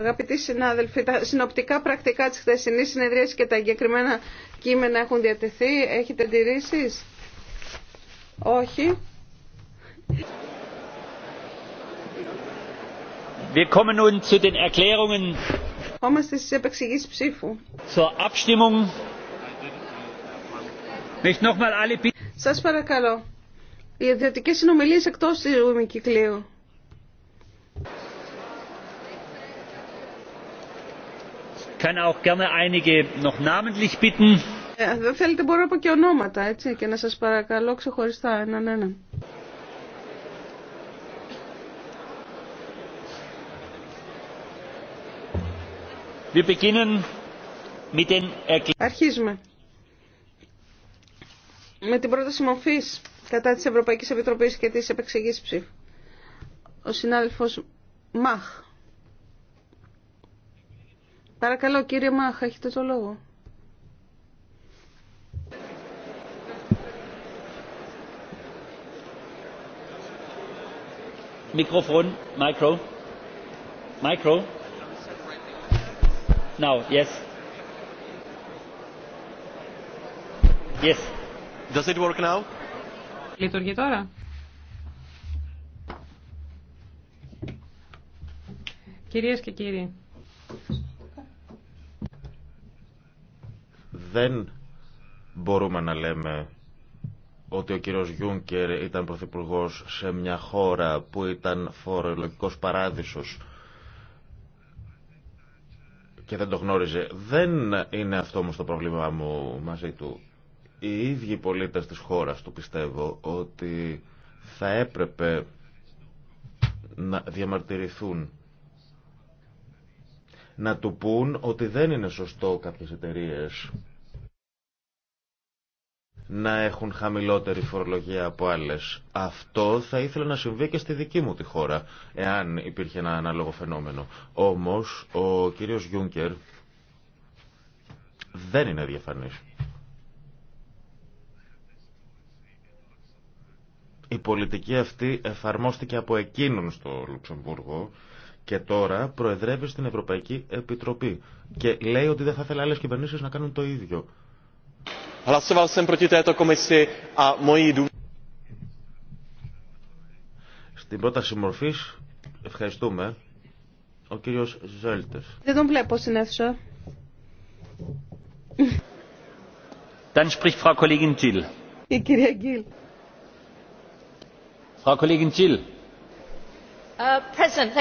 Αγαπητοί συνάδελφοι, τα συνοπτικά πρακτικά της χθεσινής συνεδρίας και τα εγκεκριμένα κείμενα έχουν διατεθεί. Έχετε αντιρρήσεις? Όχι. Wir kommen nun zu den Erklärungen. Είμαστε στις επεξηγήσεις ψήφου. Zur Abstimmung. Σας παρακαλώ. Οι ιδιωτικές συνομιλίες εκτός του ημικυκλίου. kann ε, θέλετε μπορώ να πω και ονόματα έτσι και να σας παρακαλώ ξεχωριστά έναν έναν. Αρχίζουμε. Με την πρόταση μορφή κατά της Ευρωπαϊκής Επιτροπής και της επεξηγής ψήφου. Ο συνάδελφος Μαχ. Παρακαλώ κύριε Μάχα, έχετε το λόγο. Μικρόφων, μικρο, μικρο. Now, yes. Yes. Does it work now? Λειτουργεί τώρα. Κυρίες και κύριοι. δεν μπορούμε να λέμε ότι ο κύριος Γιούνκερ ήταν Πρωθυπουργό σε μια χώρα που ήταν φορολογικός παράδεισος και δεν το γνώριζε. Δεν είναι αυτό όμως το πρόβλημά μου μαζί του. Οι ίδιοι πολίτες της χώρας του πιστεύω ότι θα έπρεπε να διαμαρτυρηθούν να του πούν ότι δεν είναι σωστό κάποιες εταιρείες να έχουν χαμηλότερη φορολογία από άλλες. Αυτό θα ήθελα να συμβεί και στη δική μου τη χώρα, εάν υπήρχε ένα ανάλογο φαινόμενο. Όμως, ο κύριος Γιούνκερ δεν είναι διαφανής. Η πολιτική αυτή εφαρμόστηκε από εκείνον στο Λουξεμβούργο και τώρα προεδρεύει στην Ευρωπαϊκή Επιτροπή και λέει ότι δεν θα θέλει άλλες κυβερνήσεις να κάνουν το ίδιο. Στην πρόταση μορφή ευχαριστούμε. Ο κύριο Ζέλτερ. Δεν τον βλέπω στην αίθουσα. Dann spricht Frau Η κυρία Γκίλ. Frau uh,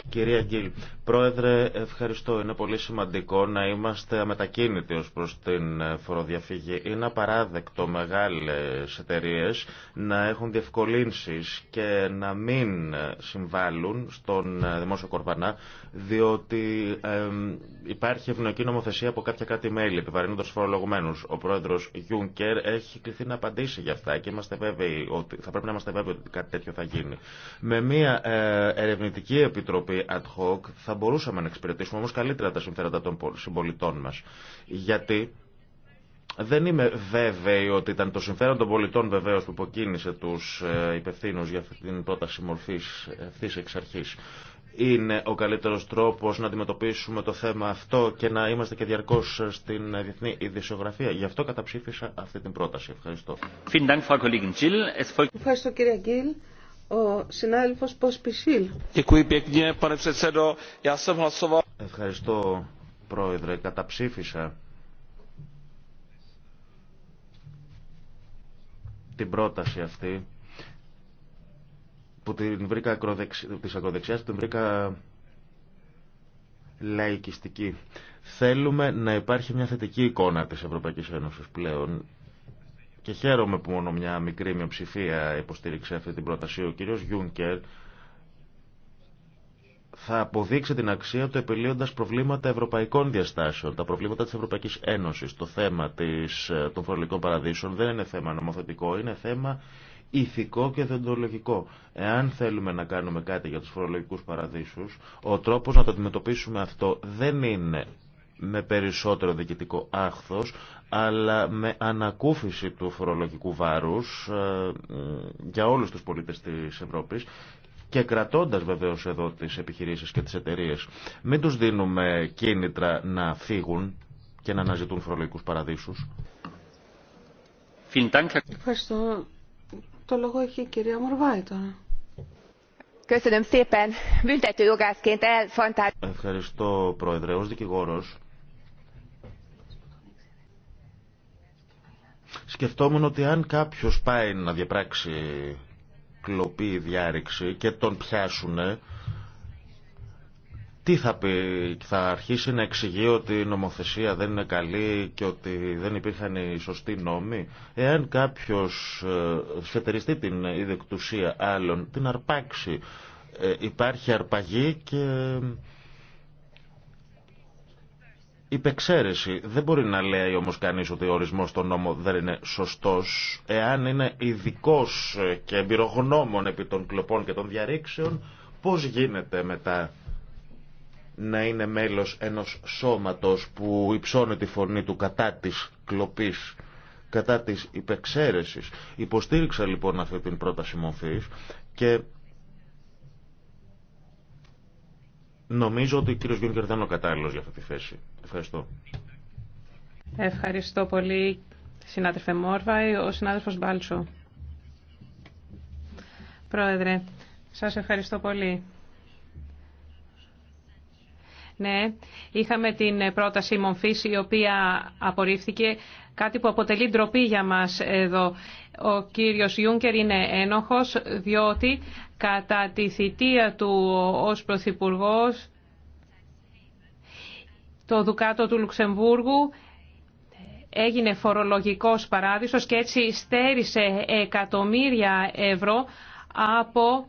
Κυρία Γκίλ, Πρόεδρε, ευχαριστώ. Είναι πολύ σημαντικό να είμαστε αμετακίνητοι ως προς την ε, φοροδιαφυγή. Είναι απαράδεκτο μεγάλες εταιρείε να έχουν διευκολύνσεις και να μην ε, συμβάλλουν στον ε, δημόσιο κορβανά, διότι υπάρχει ευνοϊκή νομοθεσία από κάποια κάτι μέλη, επιβαρύνοντας φορολογουμένους. Ο πρόεδρος Γιούνκερ έχει κληθεί να απαντήσει για αυτά και είμαστε βέβαιοι ότι, θα πρέπει να είμαστε βέβαιοι ότι κάτι τέτοιο θα γίνει. Με μια ερευνητική επιτροπή ad hoc μπορούσαμε να εξυπηρετήσουμε όμως καλύτερα τα συμφέροντα των συμπολιτών μας. Γιατί δεν είμαι βέβαιη ότι ήταν το συμφέρον των πολιτών βεβαίως που υποκίνησε τους ε, υπευθύνου για αυτή την πρόταση μορφής ευθύ εξ αρχής. Είναι ο καλύτερος τρόπος να αντιμετωπίσουμε το θέμα αυτό και να είμαστε και διαρκώς στην διεθνή ειδησιογραφία. Γι' αυτό καταψήφισα αυτή την πρόταση. Ευχαριστώ. Ευχαριστώ κύριε Γκίλ. Ο συνάδελφος Ποσπισίλ. Ευχαριστώ, Πρόεδρε. Καταψήφισα την πρόταση αυτή που την βρήκα ακροδεξι... της ακροδεξιάς, την βρήκα λαϊκιστική. Θέλουμε να υπάρχει μια θετική εικόνα της Ευρωπαϊκής Ένωσης πλέον και χαίρομαι που μόνο μια μικρή μειοψηφία υποστήριξε αυτή την πρόταση. Ο κύριος Γιούνκερ θα αποδείξει την αξία του επιλύοντα προβλήματα ευρωπαϊκών διαστάσεων, τα προβλήματα τη Ευρωπαϊκή Ένωση. Το θέμα της, ε, των φορολογικών παραδείσων δεν είναι θέμα νομοθετικό, είναι θέμα ηθικό και δεντολογικό. Εάν θέλουμε να κάνουμε κάτι για τους φορολογικούς παραδείσους, ο τρόπος να το αντιμετωπίσουμε αυτό δεν είναι με περισσότερο διοικητικό άχθος, αλλά με ανακούφιση του φορολογικού βάρους ε, για όλους τους πολίτες της Ευρώπης και κρατώντας βεβαίως εδώ τις επιχειρήσεις και τις εταιρείες. Μην τους δίνουμε κίνητρα να φύγουν και να αναζητούν φορολογικούς παραδείσους. Ευχαριστώ. Το λόγο έχει η κυρία Μορβάη τώρα. Ευχαριστώ, Πρόεδρε. Ως δικηγόρος Σκεφτόμουν ότι αν κάποιος πάει να διαπράξει κλοπή ή διάρρηξη και τον πιάσουνε, τι θα πει, θα αρχίσει να εξηγεί ότι η νομοθεσία δεν είναι καλή και ότι δεν υπήρχαν οι σωστοί νόμοι. Εάν κάποιος ε, σφετεριστεί την ιδεκτουσία άλλων, την αρπάξει, ε, υπάρχει αρπαγή και υπεξαίρεση. Δεν μπορεί να λέει όμως κανείς ότι ο ορισμός στον νόμο δεν είναι σωστός εάν είναι ειδικό και εμπειρογνώμων επί των κλοπών και των διαρρήξεων πώς γίνεται μετά να είναι μέλος ενός σώματος που υψώνει τη φωνή του κατά της κλοπής κατά της υπεξαίρεσης. Υποστήριξα λοιπόν αυτή την πρόταση μορφής και Νομίζω ότι ο κύριος Γιούνκερ δεν είναι ο κατάλληλος για αυτή τη θέση. Ευχαριστώ. Ευχαριστώ πολύ, συνάδελφε Μόρβαη. Ο συνάδελφος Μπάλτσο. Πρόεδρε, σας ευχαριστώ πολύ. Ναι, είχαμε την πρόταση Μομφής η οποία απορρίφθηκε Κάτι που αποτελεί ντροπή για μας εδώ. Ο κύριος Ιούνκερ είναι ένοχος διότι κατά τη θητεία του ως Πρωθυπουργό το Δουκάτο του Λουξεμβούργου έγινε φορολογικός παράδεισος και έτσι στέρισε εκατομμύρια ευρώ από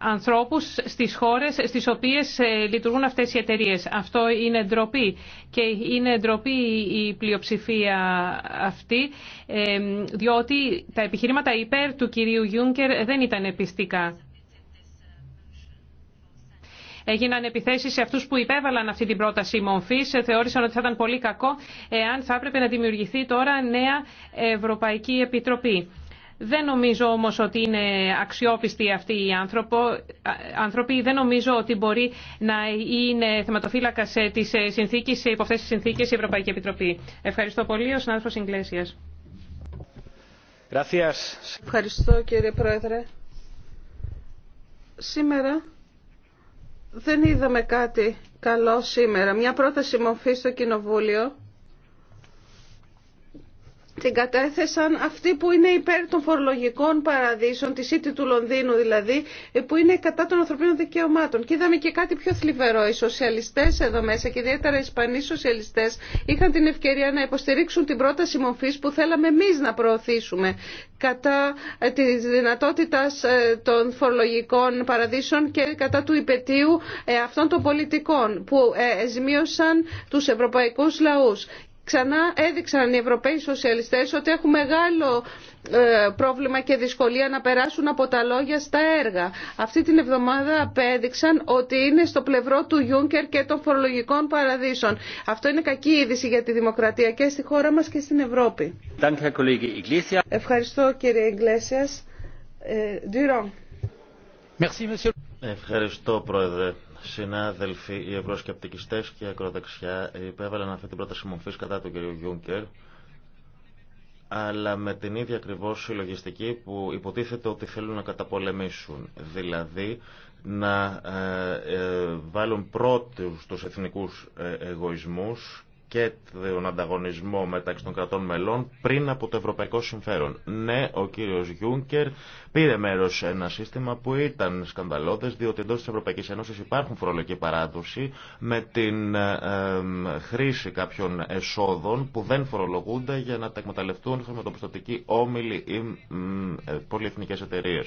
ανθρώπους στις χώρες στις οποίες ε, λειτουργούν αυτές οι εταιρείες. Αυτό είναι ντροπή και είναι ντροπή η πλειοψηφία αυτή ε, διότι τα επιχειρήματα υπέρ του κυρίου Γιούνκερ δεν ήταν επιστικά. Έγιναν επιθέσεις σε αυτούς που υπέβαλαν αυτή την πρόταση μομφής. Ε, θεώρησαν ότι θα ήταν πολύ κακό εάν θα έπρεπε να δημιουργηθεί τώρα νέα Ευρωπαϊκή Επιτροπή. Δεν νομίζω όμως ότι είναι αξιόπιστοι αυτοί οι άνθρωποι. Δεν νομίζω ότι μπορεί να είναι θεματοφύλακα ε, ε, ε, της συνθήκης, σε υποθεσεις τις συνθήκες η Ευρωπαϊκή Επιτροπή. Ευχαριστώ πολύ. Ο συνάδελφος Ιγκλέσιας. Ευχαριστώ κύριε Πρόεδρε. Σήμερα δεν είδαμε κάτι καλό σήμερα. Μια πρόταση μορφή στο Κοινοβούλιο την κατέθεσαν αυτοί που είναι υπέρ των φορολογικών παραδείσων, τη City του Λονδίνου δηλαδή, που είναι κατά των ανθρωπίνων δικαιωμάτων. Και είδαμε και κάτι πιο θλιβερό. Οι σοσιαλιστέ εδώ μέσα και ιδιαίτερα οι Ισπανοί σοσιαλιστέ είχαν την ευκαιρία να υποστηρίξουν την πρόταση μορφή που θέλαμε εμεί να προωθήσουμε κατά τη δυνατότητα ε, των φορολογικών παραδείσων και κατά του υπετίου ε, αυτών των πολιτικών που ε, ζημίωσαν του ευρωπαϊκού λαού. Ξανά έδειξαν οι Ευρωπαίοι Σοσιαλιστές ότι έχουν μεγάλο ε, πρόβλημα και δυσκολία να περάσουν από τα λόγια στα έργα. Αυτή την εβδομάδα απέδειξαν ότι είναι στο πλευρό του Γιούνκερ και των φορολογικών παραδείσων. Αυτό είναι κακή είδηση για τη δημοκρατία και στη χώρα μας και στην Ευρώπη. Ευχαριστώ κύριε Ιγκλέσιας. Ε, Ευχαριστώ πρόεδρε. Συνάδελφοι, οι ευρωσκεπτικιστέ και η ακροδεξιά υπέβαλαν αυτή την πρόταση μορφή κατά του κ. Γιούγκερ, αλλά με την ίδια ακριβώ συλλογιστική που υποτίθεται ότι θέλουν να καταπολεμήσουν. Δηλαδή, να ε, ε, βάλουν πρώτους τους εθνικούς ε, εγωισμούς και τον ανταγωνισμό μεταξύ των κρατών μελών πριν από το ευρωπαϊκό συμφέρον. Ναι, ο κύριος Γιούνκερ πήρε μέρος σε ένα σύστημα που ήταν σκανδαλώδες διότι εντός της Ευρωπαϊκής Ένωσης υπάρχουν φορολογική παράδοση με την ε, χρήση κάποιων εσόδων που δεν φορολογούνται για να τα εκμεταλλευτούν χρηματοπιστωτικοί όμιλοι ή ε, πολυεθνικές εταιρείε.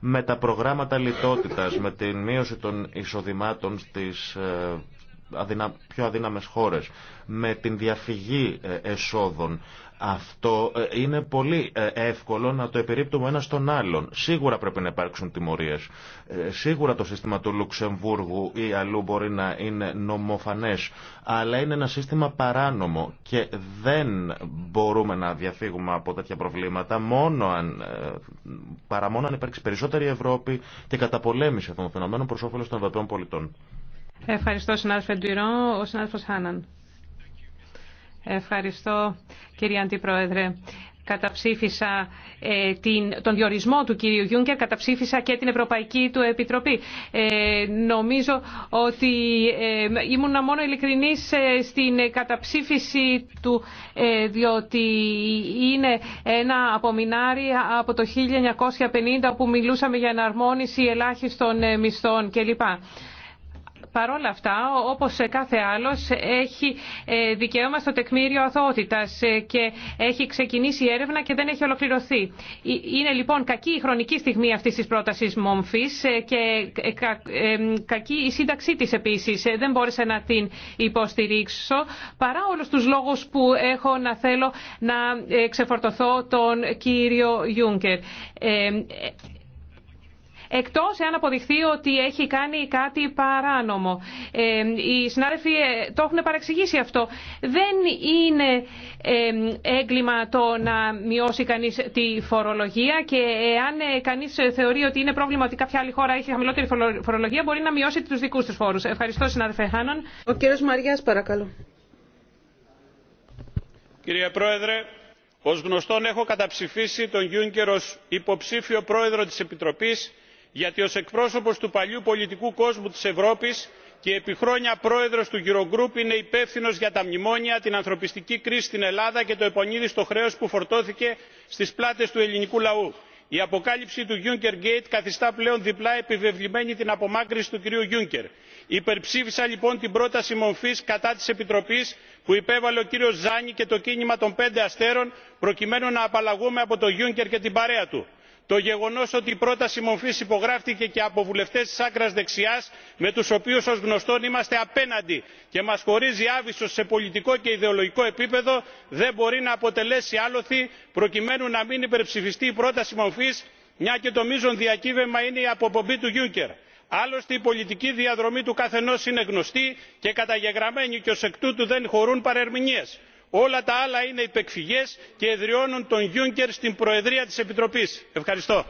Με τα προγράμματα λιτότητας, με την μείωση των εισοδημάτων στις ε, πιο αδύναμες χώρες, με την διαφυγή ε, εσόδων. Αυτό ε, είναι πολύ ε, εύκολο να το επιρρύπτουμε ένα στον άλλον. Σίγουρα πρέπει να υπάρξουν τιμωρίες. Σίγουρα το σύστημα του Λουξεμβούργου ή αλλού μπορεί να είναι νομοφανές, αλλά είναι ένα σύστημα παράνομο και δεν μπορούμε να διαφύγουμε από τέτοια προβλήματα μόνο αν, παρά μόνο αν υπάρξει περισσότερη Ευρώπη και καταπολέμηση αυτών των φαινομένων προς όφελος των Ευρωπαίων πολιτών. Ευχαριστώ, συνάδελφε Ντουιρό. Ο συνάδελφος Χάναν. Ευχαριστώ, κύριε Αντιπρόεδρε. Καταψήφισα ε, την, τον διορισμό του κύριου Γιούγκερ, καταψήφισα και την Ευρωπαϊκή του Επιτροπή. Ε, νομίζω ότι ε, να μόνο ειλικρινής ε, στην καταψήφιση του, διότι είναι ένα απομεινάρι από το 1950 που μιλούσαμε για εναρμόνιση ελάχιστων μισθών κλπ. Παρόλα αυτά, όπως σε κάθε άλλος, έχει ε, δικαίωμα στο τεκμήριο αθωότητας ε, και έχει ξεκινήσει η έρευνα και δεν έχει ολοκληρωθεί. Ε, είναι λοιπόν κακή η χρονική στιγμή αυτής της πρότασης Μόμφης και κακή η σύνταξή της επίσης. Δεν μπόρεσα να την υποστηρίξω παρά όλους τους λόγους που έχω να θέλω να ξεφορτωθώ τον κύριο Γιούγκερ εκτός εάν αποδειχθεί ότι έχει κάνει κάτι παράνομο. Ε, οι συνάδελφοι ε, το έχουν παραξηγήσει αυτό. Δεν είναι ε, έγκλημα το να μειώσει κανείς τη φορολογία και εάν κανείς θεωρεί ότι είναι πρόβλημα ότι κάποια άλλη χώρα έχει χαμηλότερη φορολογία μπορεί να μειώσει τους δικούς του φόρους. Ευχαριστώ συνάδελφε Χάνων. Ο κύριος Μαριά, παρακαλώ. Κύριε Πρόεδρε, ως γνωστόν έχω καταψηφίσει τον Γιούνκερ υποψήφιο πρόεδρο της Επιτροπής γιατί ως εκπρόσωπος του παλιού πολιτικού κόσμου της ευρώπης και επί χρόνια πρόεδρος του eurogroup είναι υπεύθυνος για τα μνημόνια την ανθρωπιστική κρίση στην ελλάδα και το επονίδιστο χρέος που φορτώθηκε στις πλάτες του ελληνικού λαού. η αποκάλυψη του juncker gate καθιστά πλέον διπλά επιβεβλημένη την απομάκρυνση του κυρίου juncker. υπερψήφισα λοιπόν την πρόταση μορφής κατά της επιτροπής που υπέβαλε ο κ. zanni και το κίνημα των πέντε αστέρων προκειμένου να απαλλαγούμε από τον juncker και την παρέα του το γεγονό ότι η πρόταση μορφή υπογράφτηκε και από βουλευτέ τη άκρα δεξιά, με του οποίου, ω γνωστόν είμαστε απέναντι και μα χωρίζει άβυσο σε πολιτικό και ιδεολογικό επίπεδο δεν μπορεί να αποτελέσει άλοθη προκειμένου να μην υπερψηφιστεί η πρόταση μορφή μια και το μείζον διακύβευμα είναι η αποπομπή του juncker. άλλωστε η πολιτική διαδρομή του καθενός είναι γνωστή και καταγεγραμμένη και ω εκ τούτου δεν χωρούν παρερμηνίες όλα τα άλλα είναι υπεκφυγές και εδραιώνουν τον juncker στην προεδρία της επιτροπής. ευχαριστώ.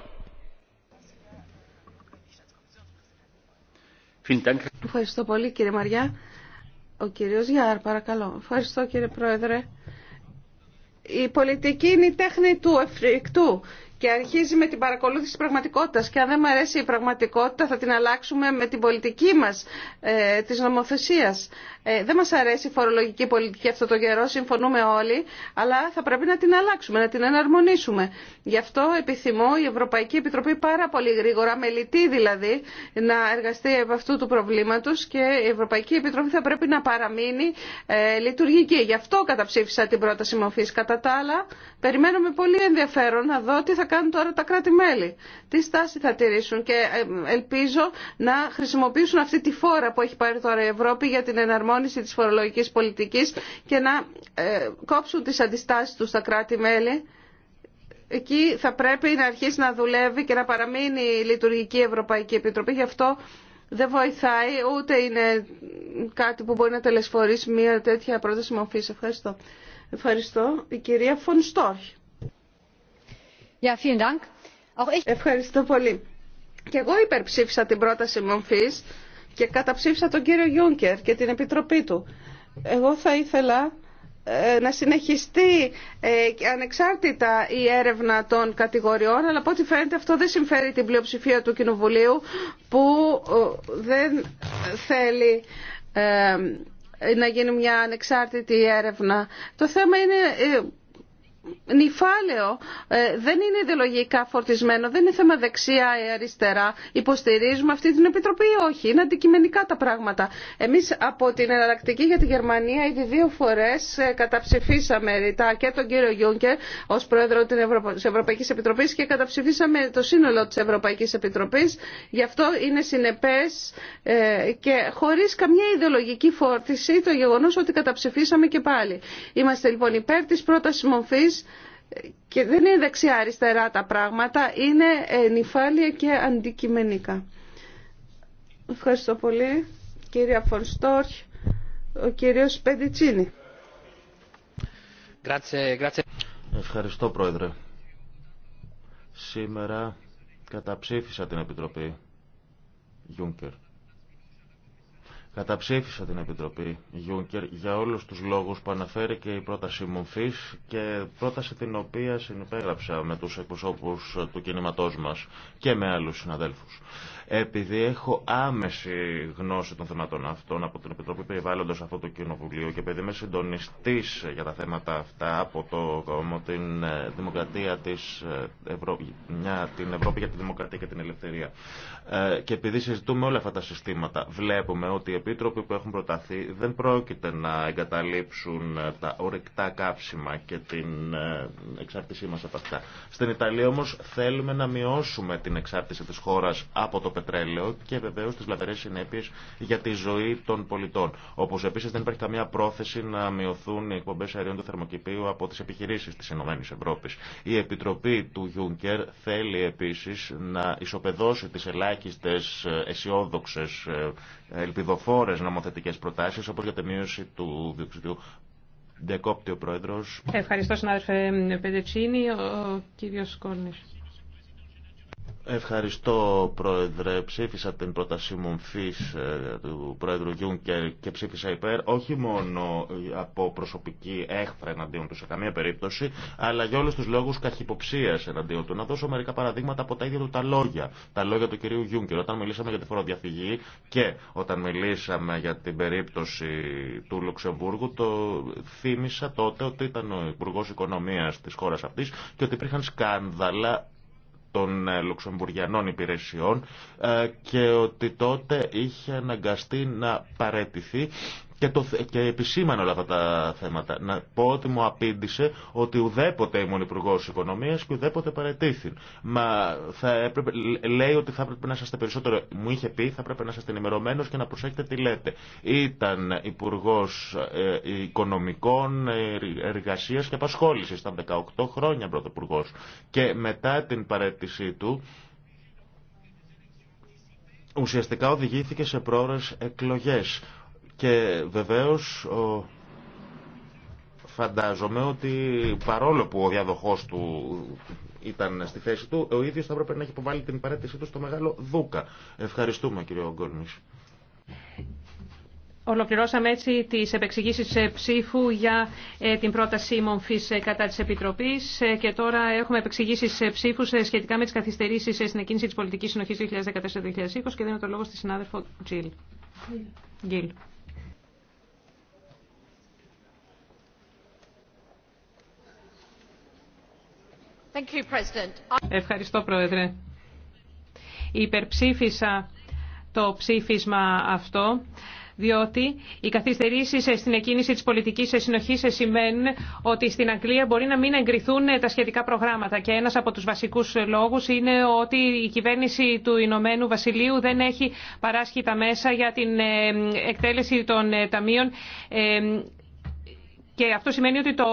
Ευχαριστώ πολύ κύριε Μαριά. Ο κύριος Γιάρ, παρακαλώ. Ευχαριστώ κύριε Πρόεδρε. Η πολιτική είναι η τέχνη του εφρίκτού και αρχίζει με την παρακολούθηση της πραγματικότητας και αν δεν μου αρέσει η πραγματικότητα θα την αλλάξουμε με την πολιτική μας ε, της νομοθεσίας. Ε, δεν μας αρέσει η φορολογική πολιτική αυτό το καιρό, συμφωνούμε όλοι, αλλά θα πρέπει να την αλλάξουμε, να την εναρμονίσουμε. Γι' αυτό επιθυμώ η Ευρωπαϊκή Επιτροπή πάρα πολύ γρήγορα, λυτή δηλαδή, να εργαστεί από αυτού του προβλήματος και η Ευρωπαϊκή Επιτροπή θα πρέπει να παραμείνει ε, λειτουργική. Γι' αυτό καταψήφισα την πρόταση μορφή. Κατά τα άλλα, περιμένουμε πολύ ενδιαφέρον να δω τι κάνουν τώρα τα κράτη-μέλη. Τι στάση θα τηρήσουν και ε, ελπίζω να χρησιμοποιήσουν αυτή τη φόρα που έχει πάρει τώρα η Ευρώπη για την εναρμόνιση της φορολογικής πολιτικής και να ε, κόψουν τις αντιστάσεις τους στα κράτη-μέλη. Εκεί θα πρέπει να αρχίσει να δουλεύει και να παραμείνει η λειτουργική Ευρωπαϊκή Επιτροπή. Γι' αυτό δεν βοηθάει, ούτε είναι κάτι που μπορεί να τελεσφορήσει μια τέτοια πρόταση μορφή. Ευχαριστώ. Ευχαριστώ. Η κυρία Φων Ευχαριστώ πολύ. Και εγώ υπερψήφισα την πρόταση Μομφής και καταψήφισα τον κύριο Γιούνκερ και την Επιτροπή του. Εγώ θα ήθελα ε, να συνεχιστεί ε, ανεξάρτητα η έρευνα των κατηγοριών αλλά από ό,τι φαίνεται αυτό δεν συμφέρει την πλειοψηφία του Κοινοβουλίου που ε, δεν θέλει να γίνει μια ανεξάρτητη έρευνα. Το θέμα είναι νυφάλαιο ε, δεν είναι ιδεολογικά φορτισμένο, δεν είναι θέμα δεξιά ή αριστερά. Υποστηρίζουμε αυτή την επιτροπή ή όχι. Είναι αντικειμενικά τα πράγματα. Εμεί από την εναλλακτική για τη Γερμανία ήδη δύο φορές ε, καταψηφίσαμε ρητά και τον κύριο Γιούγκερ ω πρόεδρο της Ευρωπαϊκή Επιτροπή, και καταψηφίσαμε το σύνολο τη Ευρωπαϊκή Επιτροπή. Γι' αυτό είναι συνεπές ε, και χωρί καμιά ιδεολογική φόρτιση το γεγονό ότι καταψηφίσαμε και πάλι. Είμαστε λοιπόν υπέρ τη πρόταση μορφή και δεν είναι δεξιά-αριστερά τα πράγματα, είναι ε, νυφάλια και αντικειμενικά. Ευχαριστώ πολύ. Κύριε Φωνστόρχ, ο κύριος Πεντιτσίνη. Ευχαριστώ, Πρόεδρε. Σήμερα καταψήφισα την Επιτροπή Juncker Καταψήφισα την Επιτροπή Γιούνκερ για όλους τους λόγους που αναφέρει και η πρόταση μορφής και πρόταση την οποία συνυπέγραψα με τους εκπροσώπους του κινηματός μας και με άλλους συναδέλφους. Επειδή έχω άμεση γνώση των θεμάτων αυτών από την Επιτροπή Περιβάλλοντο αυτό το κοινοβουλίο και επειδή είμαι συντονιστή για τα θέματα αυτά από το κόμμα την ε, Δημοκρατία της ε, την Ευρώπη για τη Δημοκρατία και την Ελευθερία. Ε, και επειδή συζητούμε όλα αυτά τα συστήματα, βλέπουμε ότι οι επίτροποι που έχουν προταθεί δεν πρόκειται να εγκαταλείψουν τα ορεκτά κάψιμα και την εξάρτησή μα από αυτά. Στην Ιταλία όμω θέλουμε να μειώσουμε την εξάρτηση τη χώρα από το πετρέλαιο και βεβαίω τι λαβερέ συνέπειε για τη ζωή των πολιτών. Όπω επίση δεν υπάρχει καμία πρόθεση να μειωθούν οι εκπομπέ αερίων του θερμοκηπίου από τι επιχειρήσει τη ΕΕ. Η Επιτροπή του Juncker θέλει επίση να ισοπεδώσει τι ελάχιστε αισιόδοξε ελπιδοφόρε νομοθετικέ προτάσει όπω για τη μείωση του διοξιδίου Διακόπτει ο Πρόεδρος. Ευχαριστώ συνάδελφε Πεντετσίνη. Ο κύριος Κόρνης. Ευχαριστώ, Πρόεδρε. Ψήφισα την πρόταση μου ε, του Πρόεδρου Γιούνκερ και ψήφισα υπέρ όχι μόνο ε, από προσωπική έχθρα εναντίον του σε καμία περίπτωση, αλλά για όλου του λόγου καχυποψία εναντίον του. Να δώσω μερικά παραδείγματα από τα ίδια του τα λόγια. Τα λόγια του κυρίου Γιούνκερ. Όταν μιλήσαμε για τη φοροδιαφυγή και όταν μιλήσαμε για την περίπτωση του Λουξεμβούργου, το θύμισα τότε ότι ήταν ο Υπουργό Οικονομία τη χώρα αυτή και ότι υπήρχαν σκάνδαλα των ε, Λουξεμβουργιανών υπηρεσιών ε, και ότι τότε είχε αναγκαστεί να παρέτηθει και, το, και επισήμανε όλα αυτά τα θέματα. Να πω ότι μου απήντησε ότι ουδέποτε ήμουν υπουργό οικονομία και ουδέποτε παρετήθη. Μα θα έπρεπε, λέει ότι θα έπρεπε να είστε περισσότερο. Μου είχε πει θα έπρεπε να είστε ενημερωμένο και να προσέχετε τι λέτε. Ήταν υπουργό ε, οικονομικών ε, εργασία και απασχόληση. Ήταν 18 χρόνια πρώτοπουργό. Και μετά την παρέτησή του ουσιαστικά οδηγήθηκε σε πρόορες εκλογές. Και βεβαίως ο... φαντάζομαι ότι παρόλο που ο διαδοχός του ήταν στη θέση του, ο ίδιος θα έπρεπε να έχει υποβάλει την παρέτησή του στο Μεγάλο Δούκα. Ευχαριστούμε κύριο Γκόλμης. Ολοκληρώσαμε έτσι τις επεξηγήσεις ψήφου για ε, την πρόταση μομφής ε, κατά της Επιτροπής ε, και τώρα έχουμε επεξηγήσεις ψήφου σχετικά με τις καθυστερήσεις στην εκκίνηση της πολιτικής συνοχής 2014-2020 και δίνω το λόγο στη συνάδελφο Τζιλ. Γκίλ. Ευχαριστώ, Πρόεδρε. Υπερψήφισα το ψήφισμα αυτό διότι οι καθυστερήσει στην εκκίνηση τη πολιτική συνοχή σημαίνουν ότι στην Αγγλία μπορεί να μην εγκριθούν τα σχετικά προγράμματα. Και ένα από του βασικού λόγου είναι ότι η κυβέρνηση του Ηνωμένου Βασιλείου δεν έχει παράσχει τα μέσα για την ε, εκτέλεση των ε, ταμείων. Ε, και αυτό σημαίνει ότι το,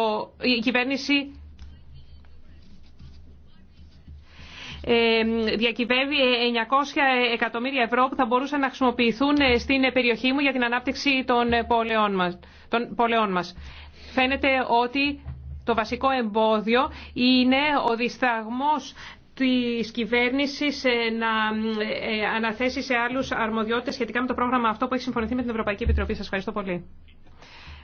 η κυβέρνηση Ε, διακυβεύει 900 ε, εκατομμύρια ευρώ που θα μπορούσαν να χρησιμοποιηθούν ε, στην περιοχή μου για την ανάπτυξη των πόλεων μας. Των πόλεων μας. Φαίνεται ότι το βασικό εμπόδιο είναι ο δισταγμός της κυβέρνησης να αναθέσει σε άλλους αρμοδιότητες σχετικά με το πρόγραμμα αυτό που έχει συμφωνηθεί με την Ευρωπαϊκή Επιτροπή. Σας ευχαριστώ πολύ.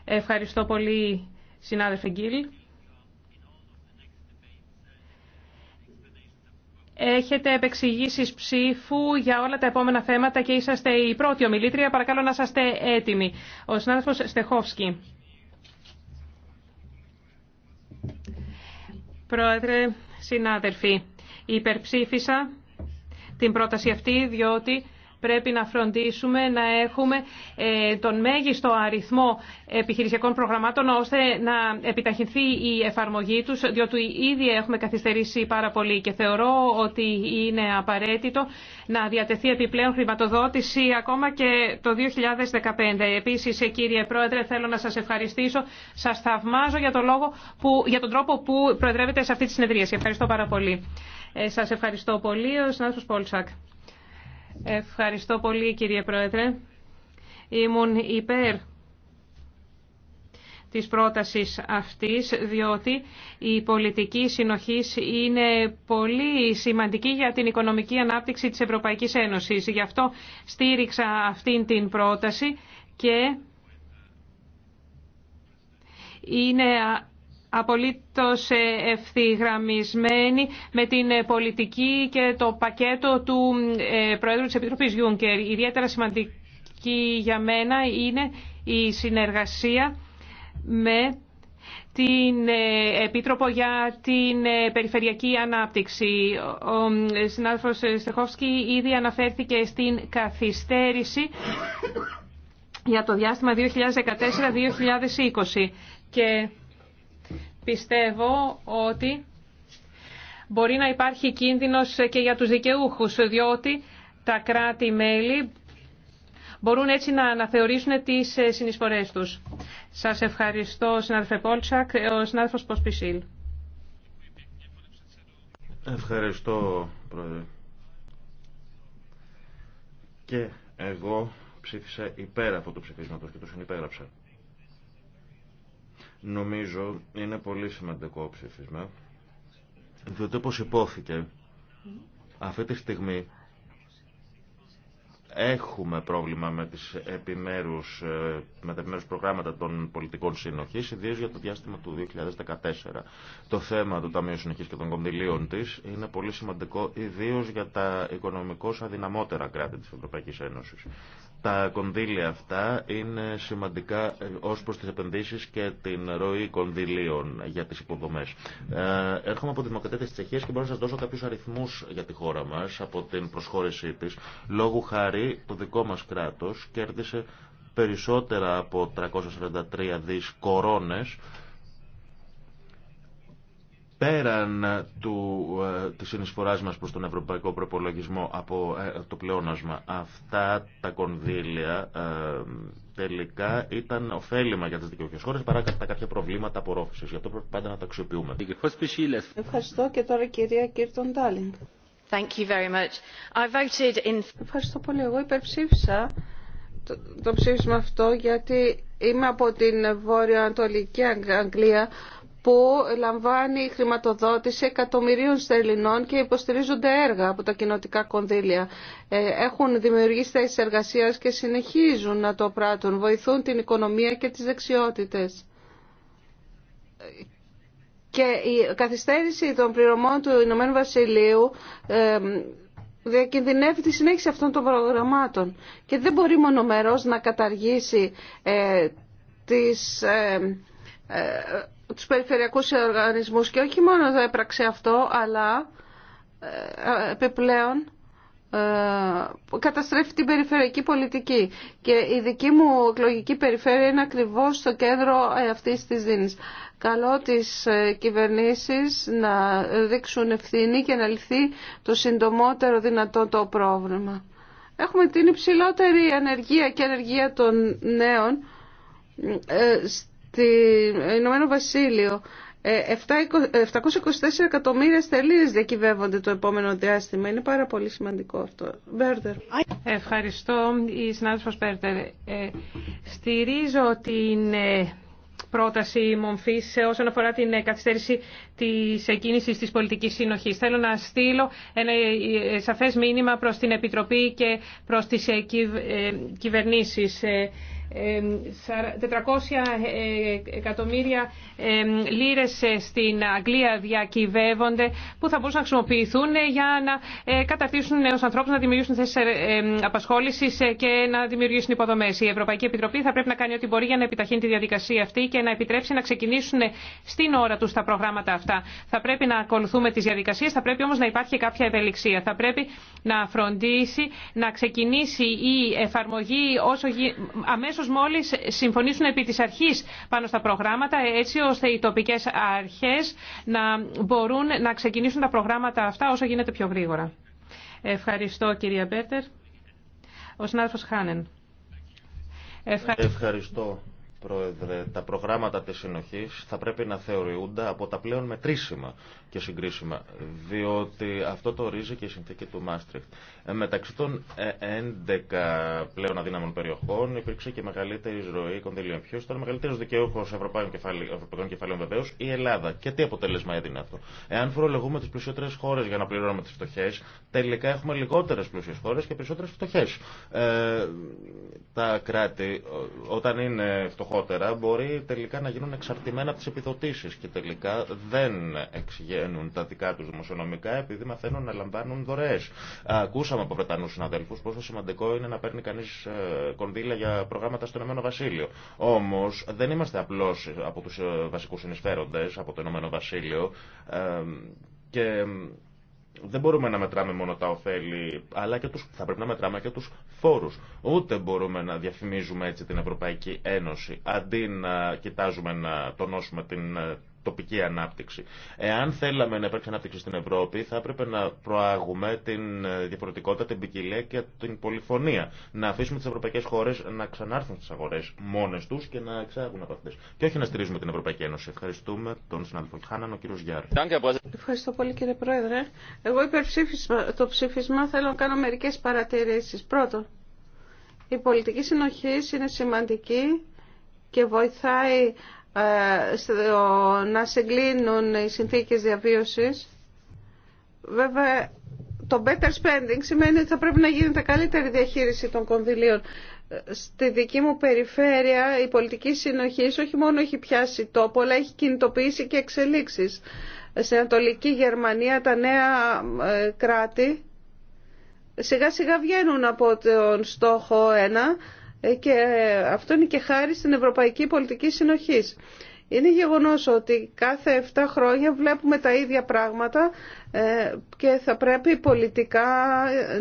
Ευχαριστώ πολύ συνάδελφε Γκίλ. Έχετε επεξηγήσει ψήφου για όλα τα επόμενα θέματα και είσαστε η πρώτη ομιλήτρια. Παρακαλώ να είστε έτοιμοι. Ο συνάδελφος Στεχόφσκι. Πρόεδρε, συνάδελφοι, υπερψήφισα την πρόταση αυτή διότι πρέπει να φροντίσουμε να έχουμε ε, τον μέγιστο αριθμό επιχειρησιακών προγραμμάτων ώστε να επιταχυνθεί η εφαρμογή τους, διότι ήδη έχουμε καθυστερήσει πάρα πολύ και θεωρώ ότι είναι απαραίτητο να διατεθεί επιπλέον χρηματοδότηση ακόμα και το 2015. Επίσης, κύριε Πρόεδρε, θέλω να σας ευχαριστήσω. Σας θαυμάζω για τον, λόγο που, για τον τρόπο που προεδρεύετε σε αυτή τη συνεδρία. Ευχαριστώ πάρα πολύ. Ε, ευχαριστώ πολύ. Ο Πόλτσακ. Ευχαριστώ πολύ κύριε Πρόεδρε. Ήμουν υπέρ της πρότασης αυτής, διότι η πολιτική συνοχής είναι πολύ σημαντική για την οικονομική ανάπτυξη της Ευρωπαϊκής Ένωσης. Γι' αυτό στήριξα αυτήν την πρόταση και είναι απολύτως ε, ευθυγραμμισμένη με την ε, πολιτική και το πακέτο του ε, Προέδρου της Επιτροπής Γιούνκερ. Ιδιαίτερα σημαντική για μένα είναι η συνεργασία με την Επίτροπο για την Περιφερειακή Ανάπτυξη. Ο συνάδελφος Στεχόφσκι ήδη αναφέρθηκε στην καθυστέρηση για το διάστημα 2014-2020 και πιστεύω ότι μπορεί να υπάρχει κίνδυνος και για τους δικαιούχους, διότι τα κράτη-μέλη μπορούν έτσι να αναθεωρήσουν τις ε, συνεισφορές τους. Σας ευχαριστώ, συνάδελφε Πόλτσακ, ε, ο συνάδελφος Ποσπισίλ. Ευχαριστώ, Πρόεδρε. Και εγώ ψήφισα υπέρ από του ψηφίσματος και το συνυπέγραψα. Νομίζω είναι πολύ σημαντικό ψήφισμα, διότι όπως υπόθηκε, αυτή τη στιγμή Έχουμε πρόβλημα με, τις επιμέρους, ε, με τα επιμέρους προγράμματα των πολιτικών συνοχής, ιδίω για το διάστημα του 2014. Το θέμα του Ταμείου Συνοχής και των κονδυλίων της είναι πολύ σημαντικό, ιδίω για τα οικονομικώς αδυναμότερα κράτη της Ευρωπαϊκής Ένωσης. Τα κονδύλια αυτά είναι σημαντικά ε, ως προς τις επενδύσεις και την ροή κονδυλίων για τις υποδομές. Ε, έρχομαι από τη Δημοκρατία της Τσεχίας και μπορώ να σας δώσω κάποιους αριθμού για τη χώρα μας από την προσχώρησή της, λόγου χάρη το δικό μας κράτος κέρδισε περισσότερα από 343 δις κορώνες πέραν του, ε, της συνεισφοράς μας προς τον ευρωπαϊκό προπολογισμό από ε, το πλεόνασμα. Αυτά τα κονδύλια ε, τελικά ήταν ωφέλιμα για τις δικαιωτικές χώρες παρά τα κάποια προβλήματα απορρόφησης. Γι' αυτό πρέπει πάντα να τα αξιοποιούμε. Ευχαριστώ και τώρα κυρία Κίρτον Τάλινγκ. Ευχαριστώ πολύ. Εγώ υπερψήφισα το, ψήφισμα αυτό γιατί είμαι από την βόρειο-ανατολική Αγγλία που λαμβάνει χρηματοδότηση εκατομμυρίων στερλινών και υποστηρίζονται έργα από τα κοινοτικά κονδύλια. Ε, έχουν δημιουργήσει θέσει εργασία και συνεχίζουν να το πράττουν. Βοηθούν την οικονομία και τι δεξιότητε. Και η καθυστέρηση των πληρωμών του Ηνωμένου Βασιλείου διακινδυνεύει τη συνέχιση αυτών των προγραμμάτων και δεν μπορεί μονομερός να καταργήσει ε, τις, ε, τους περιφερειακούς οργανισμούς και όχι μόνο να έπραξε αυτό αλλά ε, επιπλέον ε, καταστρέφει την περιφερειακή πολιτική και η δική μου εκλογική περιφέρεια είναι ακριβώς στο κέντρο ε, αυτής της δίνης. Καλό τις ε, κυβερνήσεις να δείξουν ευθύνη και να λυθεί το συντομότερο δυνατό το πρόβλημα. Έχουμε την υψηλότερη ανεργία και ανεργία των νέων στη Ηνωμένο Βασίλειο 724 ε, ε, εκατομμύρια στελίες διακυβεύονται το επόμενο διάστημα. Είναι πάρα πολύ σημαντικό αυτό. Μπέρτερ. Ευχαριστώ, η συνάδελφος Μπέρτερ. Ε, στηρίζω την ε, πρόταση μομφή όσον αφορά την καθυστέρηση τη εκκίνηση τη πολιτική συνοχή. Θέλω να στείλω ένα σαφέ μήνυμα προ την Επιτροπή και προ τι κυβερνήσει. 400 ε, εκατομμύρια λίρες ε, στην Αγγλία διακυβεύονται που θα μπορούσαν να χρησιμοποιηθούν ε, για να καταρτήσουν νέους ανθρώπους, να δημιουργήσουν θέσεις απασχόλησης και να δημιουργήσουν υποδομές. Η Ευρωπαϊκή Επιτροπή θα πρέπει να κάνει ό,τι μπορεί για να επιταχύνει τη διαδικασία αυτή και να επιτρέψει να ξεκινήσουν στην ώρα τους τα προγράμματα αυτά. Θα πρέπει να ακολουθούμε τις διαδικασίες, θα πρέπει όμως να υπάρχει κάποια ευελιξία. Θα πρέπει να φροντίσει να ξεκινήσει η εφαρμογή όσο αμέσω μόλι συμφωνήσουν επί της αρχής πάνω στα προγράμματα έτσι ώστε οι τοπικές αρχές να μπορούν να ξεκινήσουν τα προγράμματα αυτά όσο γίνεται πιο γρήγορα. Ευχαριστώ κυρία Μπέρτερ. Ο συνάδελφος Χάνεν. Ευχαριστώ Πρόεδρε, τα προγράμματα της συνοχής θα πρέπει να θεωρούνται από τα πλέον μετρήσιμα και συγκρίσιμα, διότι αυτό το ορίζει και η συνθήκη του Μάστριχτ. Ε, μεταξύ των 11 ε, πλέον αδύναμων περιοχών υπήρξε και μεγαλύτερη ροή κονδυλίων. Ποιο ήταν ο μεγαλύτερο δικαιούχο Ευρωπαϊκών Κεφαλαίων, βεβαίω, η Ελλάδα. Και τι αποτέλεσμα έδινε αυτό. Εάν φορολογούμε τι πλουσιότερε χώρε για να πληρώνουμε τι φτωχέ, τελικά έχουμε λιγότερε πλούσιε χώρε και περισσότερε φτωχέ. Ε, τα κράτη, όταν είναι φτωχότερα μπορεί τελικά να γίνουν εξαρτημένα από τι επιδοτήσει και τελικά δεν εξηγαίνουν τα δικά του δημοσιονομικά επειδή μαθαίνουν να λαμβάνουν δωρεέ. Ακούσαμε από Βρετανού συναδέλφου πόσο σημαντικό είναι να παίρνει κανεί ε, κονδύλια για προγράμματα στο Ηνωμένο Βασίλειο. Όμω δεν είμαστε απλώ από του ε, βασικού συνεισφέροντε από το Ηνωμένο Βασίλειο ε, και δεν μπορούμε να μετράμε μόνο τα ωφέλη, αλλά και τους, θα πρέπει να μετράμε και τους φόρους. Ούτε μπορούμε να διαφημίζουμε έτσι την Ευρωπαϊκή Ένωση, αντί να κοιτάζουμε να τονώσουμε την ε, τοπική ανάπτυξη. Εάν θέλαμε να υπάρξει ανάπτυξη στην Ευρώπη, θα έπρεπε να προάγουμε την ε, διαφορετικότητα, την ποικιλία και την πολυφωνία. Να αφήσουμε τι ευρωπαϊκέ χώρε να ξανάρθουν στι αγορέ μόνε του και να εξάγουν από αυτέ. Και όχι να στηρίζουμε την Ευρωπαϊκή Ένωση. Ευχαριστούμε τον συνάδελφο Χάναν, ο κύριο Γιάρη. Ευχαριστώ πολύ κύριε Πρόεδρε. Εγώ υπερψήφισμα το ψήφισμα θέλω να κάνω μερικέ παρατηρήσει. Πρώτον, η πολιτική συνοχή είναι σημαντική και βοηθάει ε, να συγκλίνουν οι συνθήκες διαβίωσης. Βέβαια, το better spending σημαίνει ότι θα πρέπει να γίνεται καλύτερη διαχείριση των κονδυλίων. Στη δική μου περιφέρεια η πολιτική συνοχή όχι μόνο έχει πιάσει τόπο, αλλά έχει κινητοποιήσει και εξελίξεις. Στην Ανατολική Γερμανία τα νέα ε, κράτη σιγά σιγά βγαίνουν από τον στόχο 1 ε, και ε, αυτό είναι και χάρη στην Ευρωπαϊκή Πολιτική συνοχή. Είναι γεγονός ότι κάθε 7 χρόνια βλέπουμε τα ίδια πράγματα ε, και θα πρέπει πολιτικά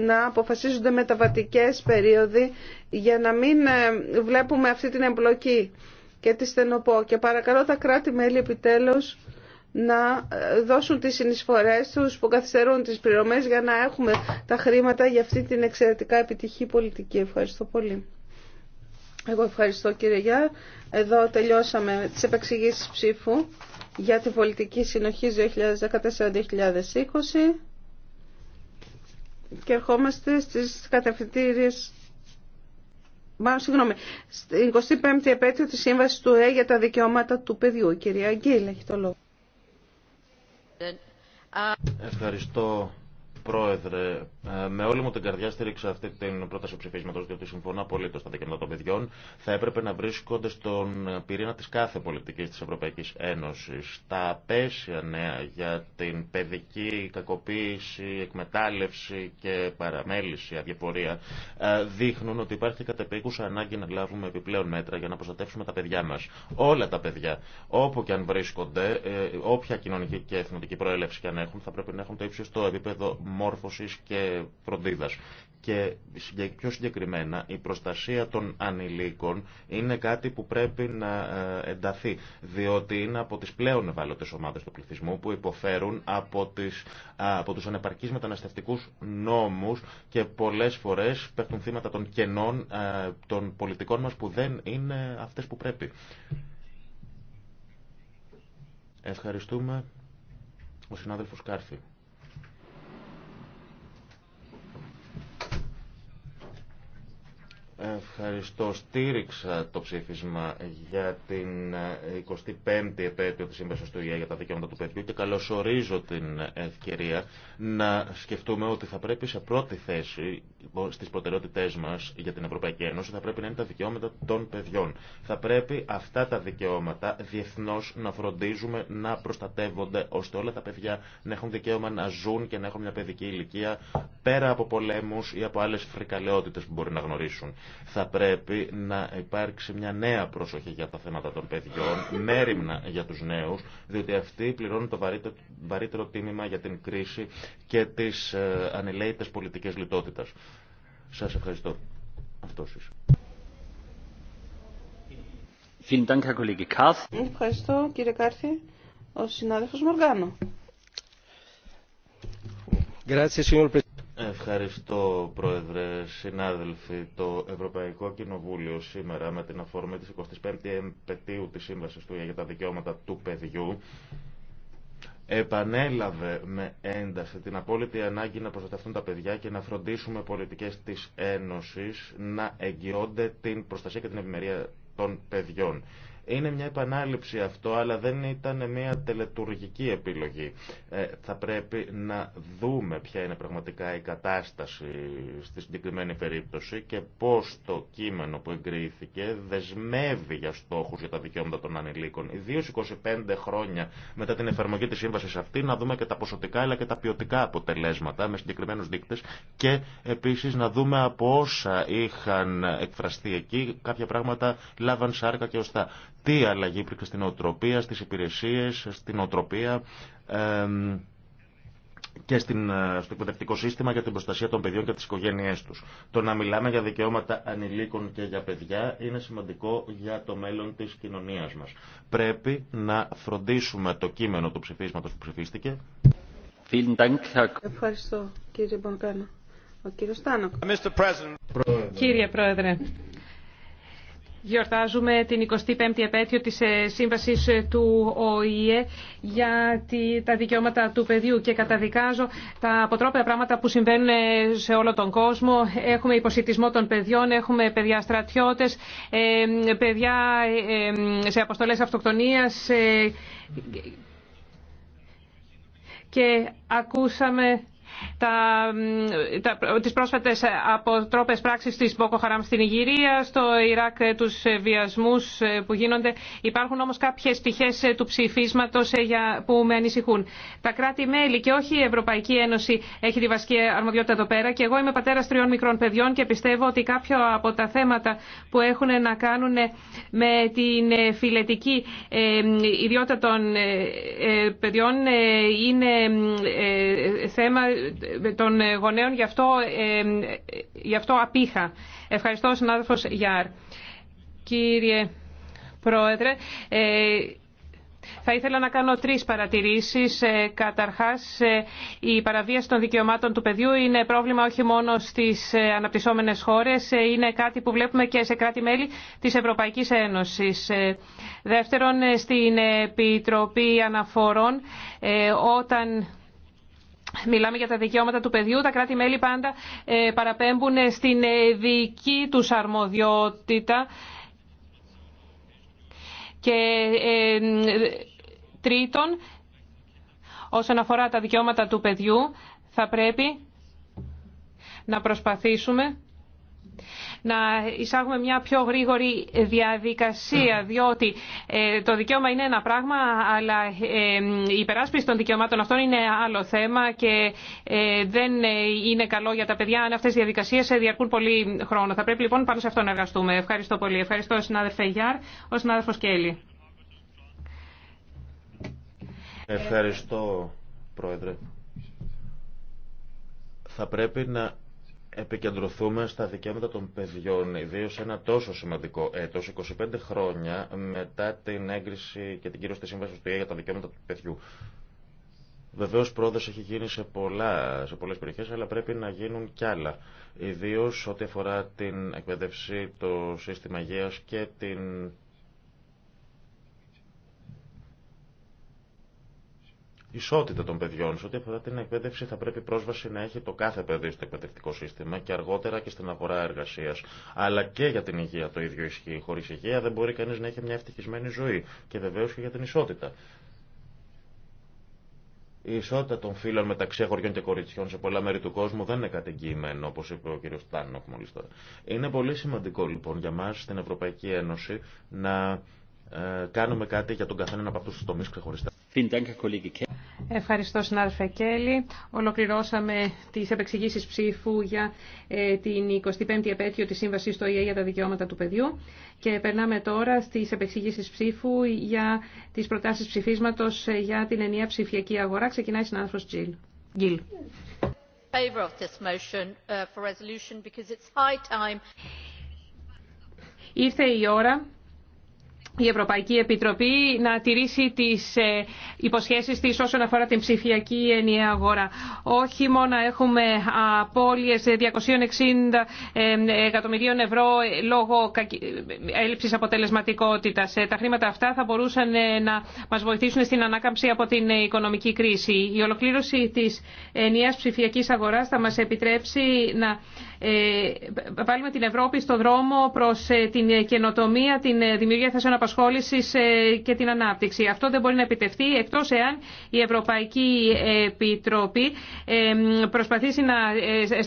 να αποφασίζονται μεταβατικές περίοδοι για να μην βλέπουμε αυτή την εμπλοκή και τη στενοπό. Και παρακαλώ τα κράτη-μέλη επιτέλους να δώσουν τις συνεισφορές τους που καθυστερούν τις πληρωμές για να έχουμε τα χρήματα για αυτή την εξαιρετικά επιτυχή πολιτική. Ευχαριστώ πολύ. Εγώ ευχαριστώ κύριε Γιά. Εδώ τελειώσαμε τις επεξηγήσεις ψήφου για την πολιτική συνοχή 2014-2020 και ερχόμαστε στις κατευθυντήριες Μάλλον, συγγνώμη, στην 25η επέτειο της Σύμβασης του ΕΕ για τα δικαιώματα του παιδιού. κυρία Αγγίλ έχει το λόγο. Ευχαριστώ Πρόεδρε, ε, με όλη μου την καρδιά στήριξα αυτή την πρόταση ψηφίσματο, διότι συμφωνώ απολύτω στα δικαιώματα των παιδιών. Θα έπρεπε να βρίσκονται στον πυρήνα τη κάθε πολιτική τη Ευρωπαϊκή Ένωση. Τα απέσια νέα για την παιδική κακοποίηση, εκμετάλλευση και παραμέληση, αδιαφορία, ε, δείχνουν ότι υπάρχει κατ' ανάγκη να λάβουμε επιπλέον μέτρα για να προστατεύσουμε τα παιδιά μα. Όλα τα παιδιά, όπου και αν βρίσκονται, ε, όποια κοινωνική και εθνοτική προέλευση και αν έχουν, θα πρέπει να έχουν το ύψιστο επίπεδο μόρφωσης και φροντίδα. Και πιο συγκεκριμένα η προστασία των ανηλίκων είναι κάτι που πρέπει να ε, ενταθεί, διότι είναι από τις πλέον ευάλωτες ομάδες του πληθυσμού που υποφέρουν από, τις, από τους ανεπαρκείς μεταναστευτικούς νόμους και πολλές φορές πέφτουν θύματα των κενών των πολιτικών μας που δεν είναι αυτές που πρέπει. Ευχαριστούμε ο συνάδελφος Κάρφη. Ευχαριστώ. Στήριξα το ψήφισμα για την 25η ε, επέτειο της Σύμβασης του ΙΕ για τα δικαιώματα του παιδιού και καλωσορίζω την ευκαιρία να σκεφτούμε ότι θα πρέπει σε πρώτη θέση στις προτεραιότητές μας για την Ευρωπαϊκή Ένωση θα πρέπει να είναι τα δικαιώματα των παιδιών. Θα πρέπει αυτά τα δικαιώματα διεθνώς να φροντίζουμε να προστατεύονται ώστε όλα τα παιδιά να έχουν δικαίωμα να ζουν και να έχουν μια παιδική ηλικία πέρα από πολέμους ή από άλλε φρικαλαιότητε που μπορεί να γνωρίσουν. Θα πρέπει να υπάρξει μια νέα προσοχή για τα θέματα των παιδιών, μέρημνα για τους νέους, διότι αυτοί πληρώνουν το βαρύτερο τίμημα για την κρίση και τις ε, ανελαίτες πολιτικές λιτότητας. Σας ευχαριστώ. Αυτός είσαι. Ευχαριστώ κύριε Κάρθη. Ο συνάδελφος Μοργάνο. Ευχαριστώ, Πρόεδρε, συνάδελφοι. Το Ευρωπαϊκό Κοινοβούλιο σήμερα, με την αφορμή της 25η Εμπετίου της Σύμβασης του για τα δικαιώματα του παιδιού, επανέλαβε με ένταση την απόλυτη ανάγκη να προστατευτούν τα παιδιά και να φροντίσουμε πολιτικές της Ένωσης να εγγυώνται την προστασία και την ευημερία των παιδιών. Είναι μια επανάληψη αυτό, αλλά δεν ήταν μια τελετουργική επιλογή. Ε, θα πρέπει να δούμε ποια είναι πραγματικά η κατάσταση στη συγκεκριμένη περίπτωση και πώς το κείμενο που εγκρίθηκε δεσμεύει για στόχους για τα δικαιώματα των ανηλίκων. Ιδίως 25 χρόνια μετά την εφαρμογή της σύμβασης αυτή να δούμε και τα ποσοτικά αλλά και τα ποιοτικά αποτελέσματα με συγκεκριμένους δείκτες και επίσης να δούμε από όσα είχαν εκφραστεί εκεί κάποια πράγματα λάβαν σάρκα και οστά τι αλλαγή υπήρχε στην οτροπία, στις υπηρεσίες, στην οτροπία και στην, ε, στο εκπαιδευτικό σύστημα για την προστασία των παιδιών και τις οικογένειές τους. Το να μιλάμε για δικαιώματα ανηλίκων και για παιδιά είναι σημαντικό για το μέλλον της κοινωνίας μας. Πρέπει να φροντίσουμε το κείμενο του ψηφίσματος που ψηφίστηκε. κύριε Μπονκάνο. Κύριε Πρόεδρε, Γιορτάζουμε την 25η επέτειο της ε, σύμβασης ε, του ΟΗΕ για τα δικαιώματα του παιδιού και καταδικάζω τα αποτρόπια πράγματα που συμβαίνουν ε, σε όλο τον κόσμο. Έχουμε υποσυτισμό των παιδιών, έχουμε παιδιά στρατιώτες, παιδιά σε αποστολές αυτοκτονίας και ακούσαμε τα, τα, τις πρόσφατες αποτρόπες πράξεις της Μπόκο Χαράμ στην Ιγυρία, στο Ιράκ ε, τους βιασμούς ε, που γίνονται. Υπάρχουν όμως κάποιες πτυχές ε, του ψηφίσματος που με ανησυχούν. Τα κράτη-μέλη και όχι η Ευρωπαϊκή Ένωση έχει τη βασική αρμοδιότητα εδώ πέρα και εγώ είμαι πατέρας τριών μικρών παιδιών και πιστεύω ότι κάποιο από τα θέματα που έχουν να κάνουν με την φιλετική ιδιότητα των παιδιών είναι θέμα των ε, γονέων, γι' αυτό, ε, γι αυτό απήχα. Ευχαριστώ, συνάδελφο Γιάρ. Κύριε Πρόεδρε, ε, θα ήθελα να κάνω τρεις παρατηρήσεις. Καταρχάς, η παραβίαση των δικαιωμάτων του παιδιού είναι πρόβλημα όχι μόνο στις αναπτυσσόμενες χώρες, είναι κάτι που βλέπουμε και σε κράτη-μέλη της Ευρωπαϊκής Ένωσης. Δεύτερον, στην Επιτροπή Αναφορών, όταν Μιλάμε για τα δικαιώματα του παιδιού. Τα κράτη-μέλη πάντα ε, παραπέμπουν ε, στην ε, δική τους αρμοδιότητα και τρίτον, όσον αφορά τα δικαιώματα του παιδιού, θα πρέπει να προσπαθήσουμε να εισάγουμε μια πιο γρήγορη διαδικασία, διότι ε, το δικαίωμα είναι ένα πράγμα, αλλά ε, η υπεράσπιση των δικαιωμάτων αυτών είναι άλλο θέμα και ε, δεν είναι καλό για τα παιδιά αν αυτές οι διαδικασίες διαρκούν πολύ χρόνο. Θα πρέπει λοιπόν πάνω σε αυτό να εργαστούμε. Ευχαριστώ πολύ. Ευχαριστώ συνάδελφε Γιάρ, ο συνάδελφος Κέλλη. Ευχαριστώ, Πρόεδρε. Θα πρέπει να επικεντρωθούμε στα δικαιώματα των παιδιών, ιδίως ένα τόσο σημαντικό έτος, 25 χρόνια μετά την έγκριση και την κύρωση της Σύμβασης του ΙΕ για τα δικαιώματα του παιδιού. Βεβαίω πρόοδο έχει γίνει σε, πολλά, σε πολλές περιοχές, αλλά πρέπει να γίνουν κι άλλα. Ιδίω ό,τι αφορά την εκπαίδευση, το σύστημα υγεία και την ισότητα των παιδιών. Σε ό,τι αφορά την εκπαίδευση, θα πρέπει πρόσβαση να έχει το κάθε παιδί στο εκπαιδευτικό σύστημα και αργότερα και στην αγορά εργασία. Αλλά και για την υγεία το ίδιο ισχύει. Χωρί υγεία δεν μπορεί κανεί να έχει μια ευτυχισμένη ζωή. Και βεβαίω και για την ισότητα. Η ισότητα των φύλων μεταξύ αγοριών και κοριτσιών σε πολλά μέρη του κόσμου δεν είναι κατεγγυημένο, όπω είπε ο κ. Τάνοκ μόλι τώρα. Είναι πολύ σημαντικό λοιπόν για μα στην Ευρωπαϊκή Ένωση να ε, κάνουμε κάτι για τον καθένα από αυτού του τομεί ξεχωριστά. Ευχαριστώ, συνάδελφε Κέλλη. Ολοκληρώσαμε τι επεξηγήσει ψήφου για ε, την 25η επέτειο τη Σύμβαση στο ΙΕ για τα Δικαιώματα του Παιδιού. Και περνάμε τώρα στι επεξηγήσει ψήφου για τι προτάσει ψηφίσματο ε, για την ενιαία ψηφιακή αγορά. Ξεκινάει η συνάδελφο Γκίλ. Uh, Ήρθε η ώρα η Ευρωπαϊκή Επιτροπή να τηρήσει τις ε, υποσχέσεις της όσον αφορά την ψηφιακή ενιαία αγορά. Όχι μόνο έχουμε απώλειες 260 ε, εκατομμυρίων ευρώ ε, λόγω έλλειψης αποτελεσματικότητας. Τα χρήματα αυτά θα μπορούσαν να μας βοηθήσουν στην ανάκαμψη από την οικονομική κρίση. Η ολοκλήρωση της ενιαίας ψηφιακής αγοράς θα μας επιτρέψει να βάλουμε την Ευρώπη στο δρόμο προς την καινοτομία, την δημιουργία θέσεων ε, και την ανάπτυξη. Αυτό δεν μπορεί να επιτευχθεί εκτός εάν η Ευρωπαϊκή Επιτροπή προσπαθήσει να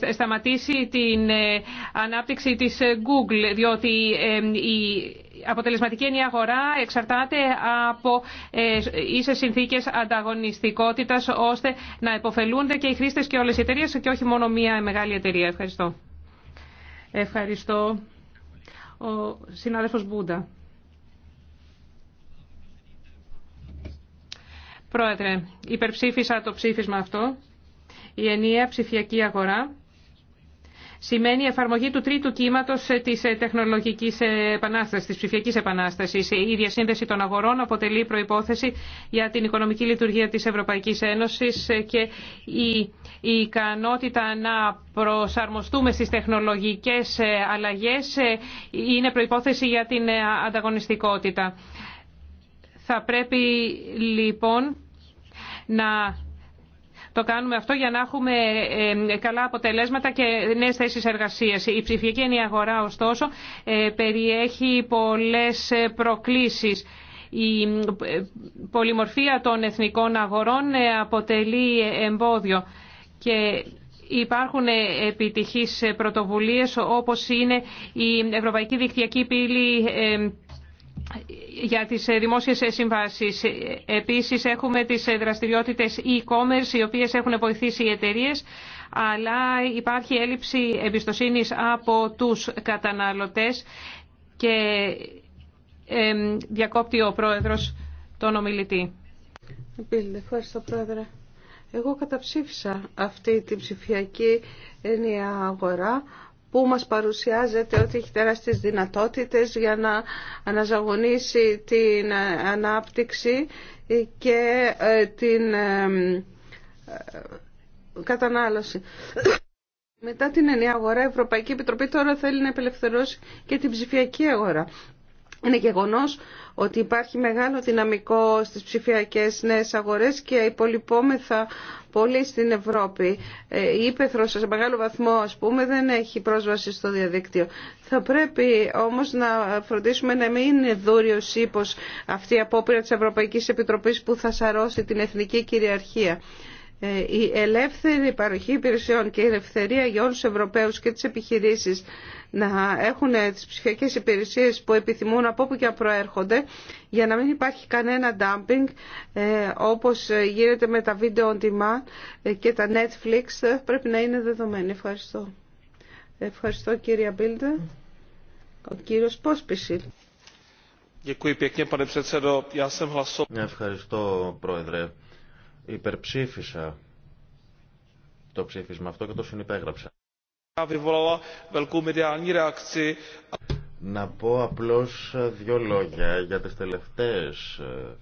ε, σταματήσει την ε, ανάπτυξη της Google, διότι η αποτελεσματική ενιαία αγορά εξαρτάται από ίσες συνθήκες ανταγωνιστικότητας ώστε να υποφελούνται και οι χρήστες και όλες οι εταιρείε και όχι μόνο μία μεγάλη εταιρεία. Ευχαριστώ. Ευχαριστώ. Ο συνάδελφος Μπούντα. Πρόεδρε, υπερψήφισα το ψήφισμα αυτό. Η ενιαία ψηφιακή αγορά σημαίνει εφαρμογή του τρίτου κύματος της τεχνολογικής επανάστασης, της ψηφιακή επανάστασης. Η διασύνδεση των αγορών αποτελεί προϋπόθεση για την οικονομική λειτουργία της Ευρωπαϊκής Ένωσης και η, η ικανότητα να προσαρμοστούμε στις τεχνολογικές αλλαγές είναι προπόθεση για την ανταγωνιστικότητα. Θα πρέπει λοιπόν να το κάνουμε αυτό για να έχουμε ε, καλά αποτελέσματα και νέες θέσεις εργασίας. Η ψηφιακή αγορά ωστόσο, ε, περιέχει πολλές ε, προκλήσεις. Η πολυμορφία των εθνικών αγορών αποτελεί εμπόδιο και υπάρχουν επιτυχείς πρωτοβουλίες όπως είναι η Ευρωπαϊκή Δικτυακή Πύλη για τις ε, δημόσιες ε, συμβάσεις. Επίσης έχουμε τις ε, δραστηριότητες e-commerce οι οποίες έχουν βοηθήσει οι εταιρείες αλλά υπάρχει έλλειψη εμπιστοσύνης από τους καταναλωτές και διακόπτει ο πρόεδρος τον ομιλητή. Ευχαριστώ πρόεδρε. Εγώ καταψήφισα αυτή την ψηφιακή ενιαία αγορά που μας παρουσιάζεται ότι έχει τεράστιες δυνατότητες για να αναζαγωνίσει την ε, ανάπτυξη και ε, την ε, κατανάλωση. Μετά την ενιαία αγορά, η Ευρωπαϊκή Επιτροπή τώρα θέλει να επελευθερώσει και την ψηφιακή αγορά. Είναι γεγονός ότι υπάρχει μεγάλο δυναμικό στις ψηφιακές νέες αγορές και υπολοιπόμεθα πολύ στην Ευρώπη. Ε, η Ήπεθρο σε μεγάλο βαθμό ας πούμε δεν έχει πρόσβαση στο διαδίκτυο. Θα πρέπει όμως να φροντίσουμε να μην είναι δούριο ύπος αυτή η απόπειρα της Ευρωπαϊκής Επιτροπής που θα σαρώσει την εθνική κυριαρχία. Ε, η ελεύθερη παροχή υπηρεσιών και η ελευθερία για όλους τους Ευρωπαίους και τις επιχειρήσεις να έχουν ε, τις ψηφιακές υπηρεσίες που επιθυμούν από όπου και αν προέρχονται για να μην υπάρχει κανένα dumping ε, όπως γίνεται με τα βίντεο on demand και τα Netflix πρέπει να είναι δεδομένη. Ευχαριστώ. Ευχαριστώ κύριε Μπίλντε. Ο κύριος Πόσπισιλ. Ευχαριστώ πρόεδρε υπερψήφισα το ψήφισμα αυτό και το συνυπέγραψα. Να πω απλώς δύο λόγια για τις τελευταίες ε,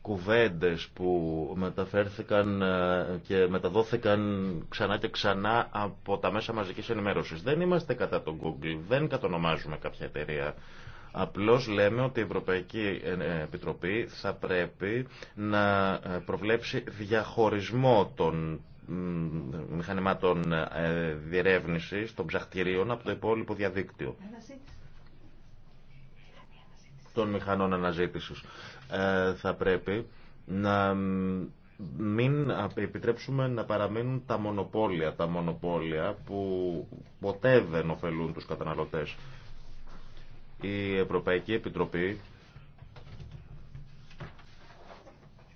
κουβέντες που μεταφέρθηκαν ε, και μεταδόθηκαν ξανά και ξανά από τα μέσα μαζικής ενημέρωσης. Δεν είμαστε κατά τον Google, δεν κατονομάζουμε κάποια εταιρεία. Απλώς λέμε ότι η Ευρωπαϊκή ε, ε, Επιτροπή θα πρέπει να ε, προβλέψει διαχωρισμό των μηχανημάτων διερεύνησης των ψαχτηρίων από το υπόλοιπο διαδίκτυο των μηχανών αναζήτησης. θα πρέπει να μην επιτρέψουμε να παραμείνουν τα μονοπόλια, τα μονοπόλια που ποτέ δεν ωφελούν τους καταναλωτές. Η Ευρωπαϊκή Επιτροπή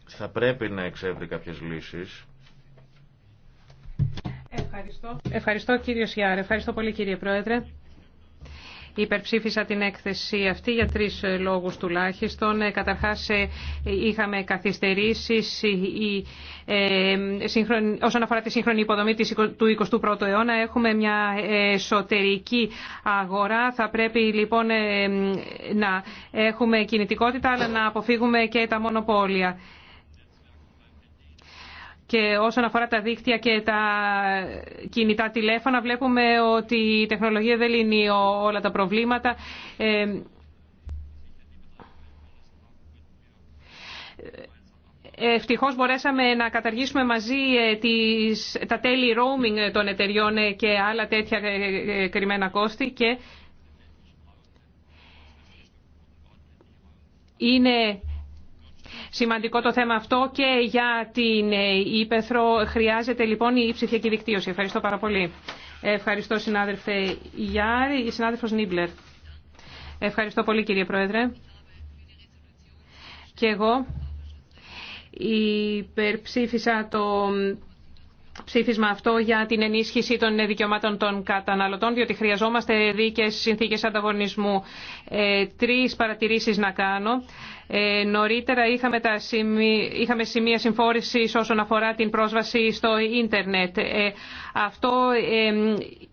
θα πρέπει να εξεύρει κάποιες λύσεις. Ευχαριστώ. Ευχαριστώ κύριο Σιάρε. Ευχαριστώ πολύ κύριε Πρόεδρε. Υπερψήφισα την έκθεση αυτή για τρεις λόγους τουλάχιστον. Ε, καταρχάς ε, είχαμε καθυστερήσεις ε, όσον αφορά τη σύγχρονη υποδομή του 21ου αιώνα. Έχουμε μια εσωτερική αγορά. Θα πρέπει λοιπόν να έχουμε κινητικότητα αλλά να αποφύγουμε και τα μονοπόλια. Και όσον αφορά τα δίκτυα και τα κινητά τηλέφωνα, βλέπουμε ότι η τεχνολογία δεν λύνει όλα τα προβλήματα. Ε, ευτυχώς μπορέσαμε να καταργήσουμε μαζί ε, τις, τα τέλη roaming των εταιριών ε, και άλλα τέτοια κρυμμένα κόστη και είναι σημαντικό το θέμα αυτό και για την Ήπεθρο. Ε, Χρειάζεται λοιπόν η ψηφιακή δικτύωση. Ευχαριστώ πάρα πολύ. Ευχαριστώ συνάδελφε Γιάρη, η συνάδελφος Νίμπλερ. Ευχαριστώ πολύ κύριε Πρόεδρε. Και εγώ υπερψήφισα το ψήφισμα αυτό για την ενίσχυση των δικαιωμάτων των καταναλωτών, διότι χρειαζόμαστε δίκαιες συνθήκες ανταγωνισμού. Ε, τρεις παρατηρήσεις να κάνω. Ε, νωρίτερα είχαμε, τα σημεία, είχαμε σημεία συμφόρησης όσον αφορά την πρόσβαση στο ίντερνετ. Ε, αυτό ε,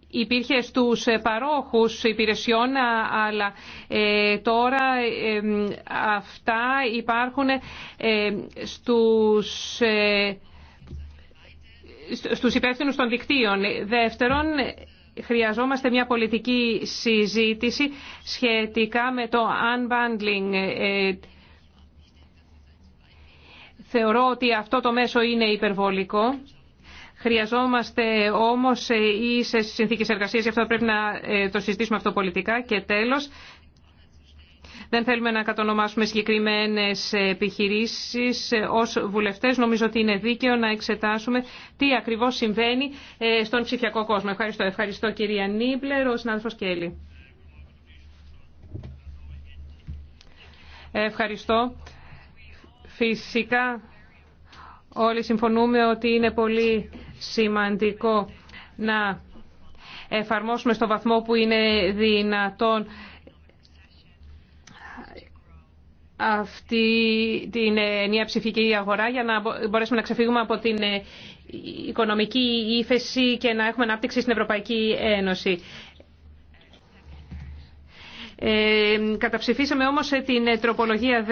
υπήρχε στους παρόχους υπηρεσιών, αλλά ε, τώρα ε, αυτά υπάρχουν ε, στους στους υπεύθυνους των δικτύων. Δεύτερον, χρειαζόμαστε μια πολιτική συζήτηση σχετικά με το unbundling. Ε, θεωρώ ότι αυτό το μέσο είναι υπερβολικό. Χρειαζόμαστε όμως ε, ίσες συνθήκες εργασίας, γι' αυτό πρέπει να ε, το συζητήσουμε αυτό πολιτικά. Και τέλος, δεν θέλουμε να κατονομάσουμε συγκεκριμένε επιχειρήσεις. Ως βουλευτές νομίζω ότι είναι δίκαιο να εξετάσουμε τι ακριβώς συμβαίνει ε, στον ψηφιακό κόσμο. Ευχαριστώ. Ευχαριστώ κυρία Νίμπλερ, ο συνάδελφος Κέλλη. Ευχαριστώ. Φυσικά όλοι συμφωνούμε ότι είναι πολύ σημαντικό να εφαρμόσουμε στο βαθμό που είναι δυνατόν αυτή την ενιαία ψηφική αγορά για να μπορέσουμε να ξεφύγουμε από την ε, οικονομική ύφεση και να έχουμε ανάπτυξη στην Ευρωπαϊκή Ένωση. Ε, καταψηφίσαμε όμως ε, την ε, τροπολογία 10,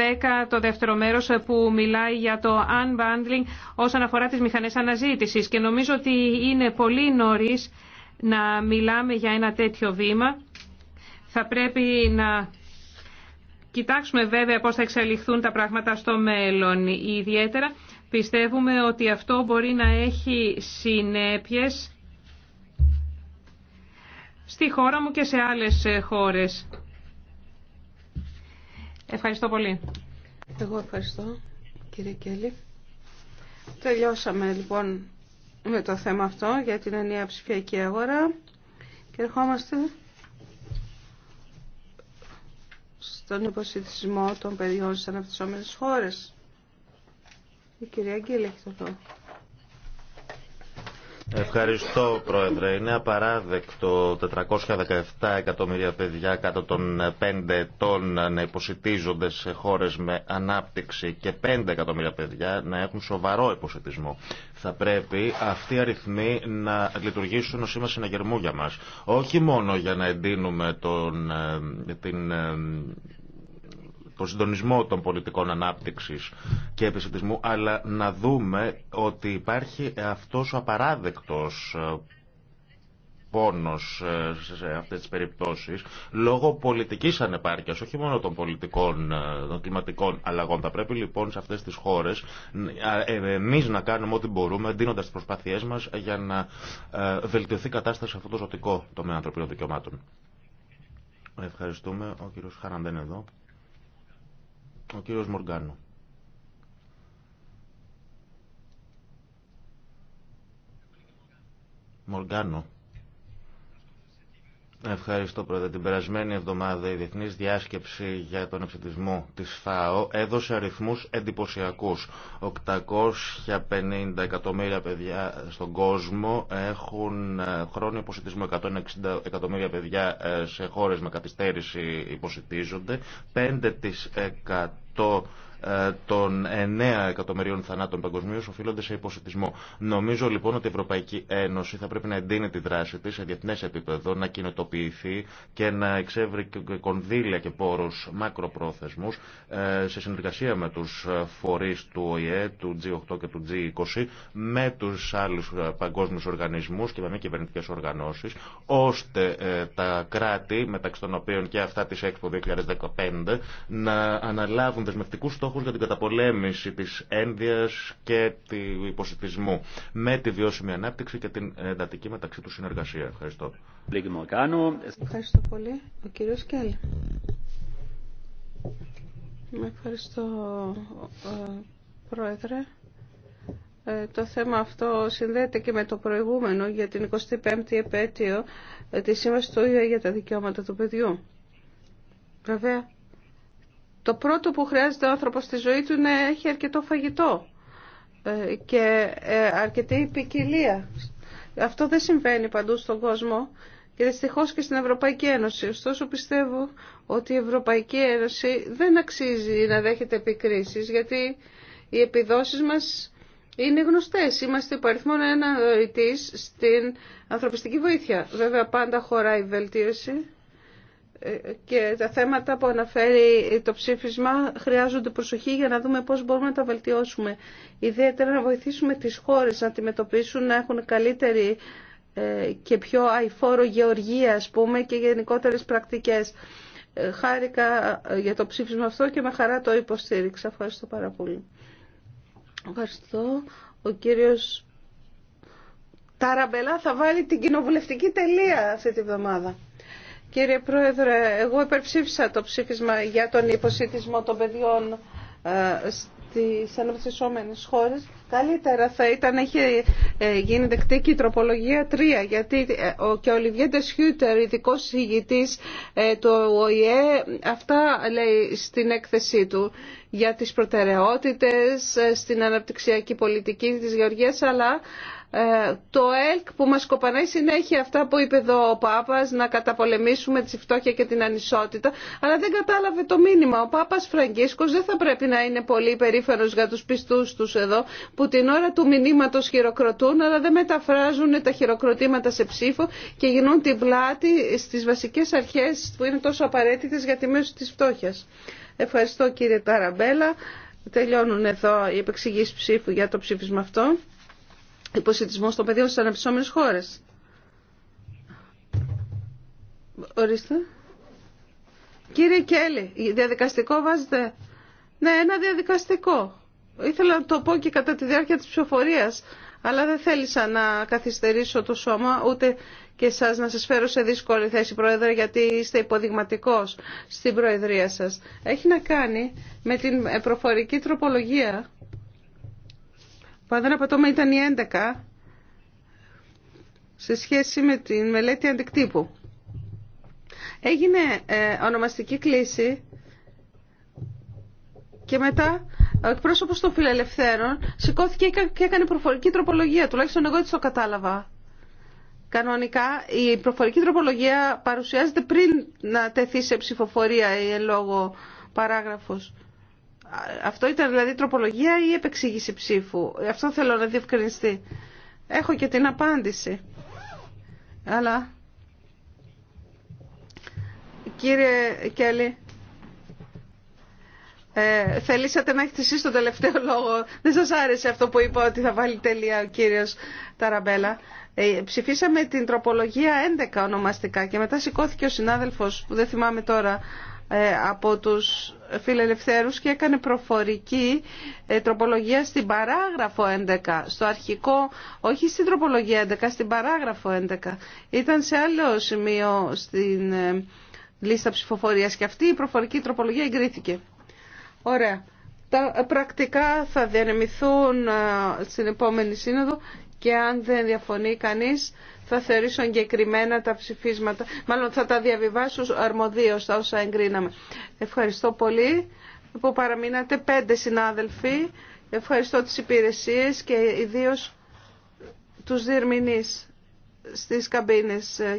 το δεύτερο μέρος, που μιλάει για το unbundling όσον αφορά τις μηχανές αναζήτησης. Και νομίζω ότι είναι πολύ νωρίς να μιλάμε για ένα τέτοιο βήμα. Θα πρέπει να κοιτάξουμε βέβαια πώς θα εξελιχθούν τα πράγματα στο μέλλον. Ιδιαίτερα πιστεύουμε ότι αυτό μπορεί να έχει συνέπειες στη χώρα μου και σε άλλες χώρες. Ευχαριστώ πολύ. Εγώ ευχαριστώ κύριε Κέλλη. Τελειώσαμε λοιπόν με το θέμα αυτό για την ενιαία ψηφιακή αγορά και ερχόμαστε στον υποσυντισμό των παιδιών στις αναπτυσσόμενες χώρες. Η κυρία Αγγέλη έχει το Ευχαριστώ, Πρόεδρε. Είναι απαράδεκτο 417 εκατομμύρια παιδιά κάτω των 5 ετών να υποσυτίζονται σε χώρες με ανάπτυξη και 5 εκατομμύρια παιδιά να έχουν σοβαρό υποσυτισμό. Θα πρέπει αυτοί οι αριθμοί να λειτουργήσουν ως σήμα συναγερμού για μας. Όχι μόνο για να εντείνουμε τον, ε, την ε, τον συντονισμό των πολιτικών ανάπτυξη και επισητισμού, αλλά να δούμε ότι υπάρχει αυτό ο απαράδεκτος ε, πόνο ε, σε αυτέ τι περιπτώσει λόγω πολιτική ανεπάρκειας, όχι μόνο των πολιτικών, ε, των κλιματικών αλλαγών. Θα πρέπει λοιπόν σε αυτέ τι χώρε εμεί να κάνουμε ό,τι μπορούμε, δίνοντα τι προσπάθειές μα για να βελτιωθεί η κατάσταση σε αυτό το ζωτικό τομέα ανθρωπίνων δικαιωμάτων. Ευχαριστούμε. Ο κύριος Χαραντέν εδώ. Ο κύριος Μοργκάνο; Μοργκάνο. Ευχαριστώ πρώτα Την περασμένη εβδομάδα η Διεθνή Διάσκεψη για τον Εξωτισμό τη ΦΑΟ έδωσε αριθμού εντυπωσιακού. 850 εκατομμύρια παιδιά στον κόσμο έχουν ε, χρόνιο υποσυτισμό. 160 εκατομμύρια παιδιά ε, σε χώρε με καθυστέρηση υποσυτίζονται. 5% το ε, των 9 εκατομμυρίων θανάτων παγκοσμίω οφείλονται σε υποσυτισμό. Νομίζω λοιπόν ότι η Ευρωπαϊκή Ένωση θα πρέπει να εντείνει τη δράση τη σε διεθνέ επίπεδο, να κοινοτοποιηθεί και να εξεύρει κονδύλια και πόρου μακροπρόθεσμου ε, σε συνεργασία με του φορεί του ΟΗΕ, του G8 και του G20, με του άλλου ε, παγκόσμιου οργανισμού και με μη κυβερνητικέ οργανώσει, ώστε τα κράτη, μεταξύ των οποίων και αυτά τη ΕΚΠΟ 2015, να αναλάβουν δεσμευτικού στόχου στόχους για την καταπολέμηση της ένδυας και του υποσυτισμού με τη βιώσιμη ανάπτυξη και την εντατική μεταξύ του συνεργασία. Ευχαριστώ. Ευχαριστώ πολύ. Ο κύριος Με Ευχαριστώ, ε, Πρόεδρε. Ε, το θέμα αυτό συνδέεται και με το προηγούμενο για την 25η επέτειο ε, της Σύμβασης του ΙΟΕ για τα δικαιώματα του παιδιού. Βέβαια, το πρώτο που χρειάζεται ο άνθρωπος στη ζωή του είναι να έχει αρκετό φαγητό ε, και ε, αρκετή ποικιλία. Αυτό δεν συμβαίνει παντού στον κόσμο και δυστυχώ και στην Ευρωπαϊκή Ένωση. Ωστόσο πιστεύω ότι η Ευρωπαϊκή Ένωση δεν αξίζει να δέχεται επικρίσεις γιατί οι επιδόσεις μας είναι γνωστές. Είμαστε υπαριθμόν ένα στην ανθρωπιστική βοήθεια. Βέβαια πάντα χωράει βελτίωση και τα θέματα που αναφέρει το ψήφισμα χρειάζονται προσοχή για να δούμε πώς μπορούμε να τα βελτιώσουμε. Ιδιαίτερα να βοηθήσουμε τις χώρες να αντιμετωπίσουν, να έχουν καλύτερη ε, και πιο αηφόρο γεωργία, πούμε, και γενικότερες πρακτικές. Ε, χάρηκα ε, για το ψήφισμα αυτό και με χαρά το υποστήριξα. Ευχαριστώ πάρα πολύ. Ευχαριστώ. Ο κύριος Ταραμπελά θα βάλει την κοινοβουλευτική τελεία αυτή τη βδομάδα. Κύριε Πρόεδρε, εγώ υπερψήφισα το ψήφισμα για τον υποσυτισμό των παιδιών ε, στις αναπτυσσόμενες χώρες. Καλύτερα θα ήταν, έχει ε, γίνει δεκτή και η τροπολογία 3, γιατί ε, ο, και ο Λιβιέντε Χιούτερ, ειδικό ηγητής του ΟΗΕ, αυτά λέει στην έκθεσή του για τις προτεραιότητες στην αναπτυξιακή πολιτική της Γεωργίας, αλλά ε, το ΕΛΚ που μας κοπανάει συνέχεια αυτά που είπε εδώ ο Πάπας να καταπολεμήσουμε τη φτώχεια και την ανισότητα αλλά δεν κατάλαβε το μήνυμα ο Πάπας Φραγκίσκος δεν θα πρέπει να είναι πολύ περήφανος για τους πιστούς τους εδώ που την ώρα του μηνύματος χειροκροτούν αλλά δεν μεταφράζουν τα χειροκροτήματα σε ψήφο και γινούν την πλάτη στις βασικές αρχές που είναι τόσο απαραίτητες για τη μέση της φτώχειας Ευχαριστώ κύριε Ταραμπέλα Τελειώνουν εδώ οι επεξηγήσεις ψήφου για το ψήφισμα αυτό υποσυντισμό στο πεδίο στις αναπτυσσόμενες χώρες. Ορίστε. Κύριε Κέλλη, διαδικαστικό βάζετε. Ναι, ένα διαδικαστικό. Ήθελα να το πω και κατά τη διάρκεια της ψηφοφορίας, αλλά δεν θέλησα να καθυστερήσω το σώμα, ούτε και εσάς να σας φέρω σε δύσκολη θέση, Πρόεδρε, γιατί είστε υποδειγματικός στην Προεδρία σας. Έχει να κάνει με την προφορική τροπολογία αν δεν ήταν η 11 σε σχέση με τη μελέτη αντικτύπου. Έγινε ε, ονομαστική κλίση και μετά ο εκπρόσωπος των φιλελευθέρων σηκώθηκε και έκανε προφορική τροπολογία. Τουλάχιστον εγώ έτσι το κατάλαβα. Κανονικά η προφορική τροπολογία παρουσιάζεται πριν να τεθεί σε ψηφοφορία η ε, εν λόγω παράγραφος. Αυτό ήταν δηλαδή τροπολογία ή επεξήγηση ψήφου. Αυτό θέλω να διευκρινιστεί. Έχω και την απάντηση. Αλλά... Κύριε Κέλλη, ε, θελήσατε να έχετε εσείς τον τελευταίο λόγο. Δεν σας άρεσε αυτό που είπα ότι θα βάλει τελεία ο κύριος Ταραμπέλα. Ε, ψηφίσαμε την τροπολογία 11 ονομαστικά και μετά σηκώθηκε ο συνάδελφος που δεν θυμάμαι τώρα ε, από τους φιλελευθέρους και έκανε προφορική ε, τροπολογία στην παράγραφο 11, στο αρχικό, όχι στην τροπολογία 11, στην παράγραφο 11. Ήταν σε άλλο σημείο στην ε, λίστα ψηφοφορίας και αυτή η προφορική τροπολογία εγκρίθηκε. Ωραία. Τα πρακτικά θα διανεμηθούν στην επόμενη σύνοδο και αν δεν διαφωνεί κανείς θα θεωρήσω εγκεκριμένα τα ψηφίσματα. Μάλλον θα τα διαβιβάσω αρμοδίως τα όσα εγκρίναμε. Ευχαριστώ πολύ που παραμείνατε πέντε συνάδελφοι. Ευχαριστώ τις υπηρεσίες και ιδίως τους διερμηνείς στις καμπίνες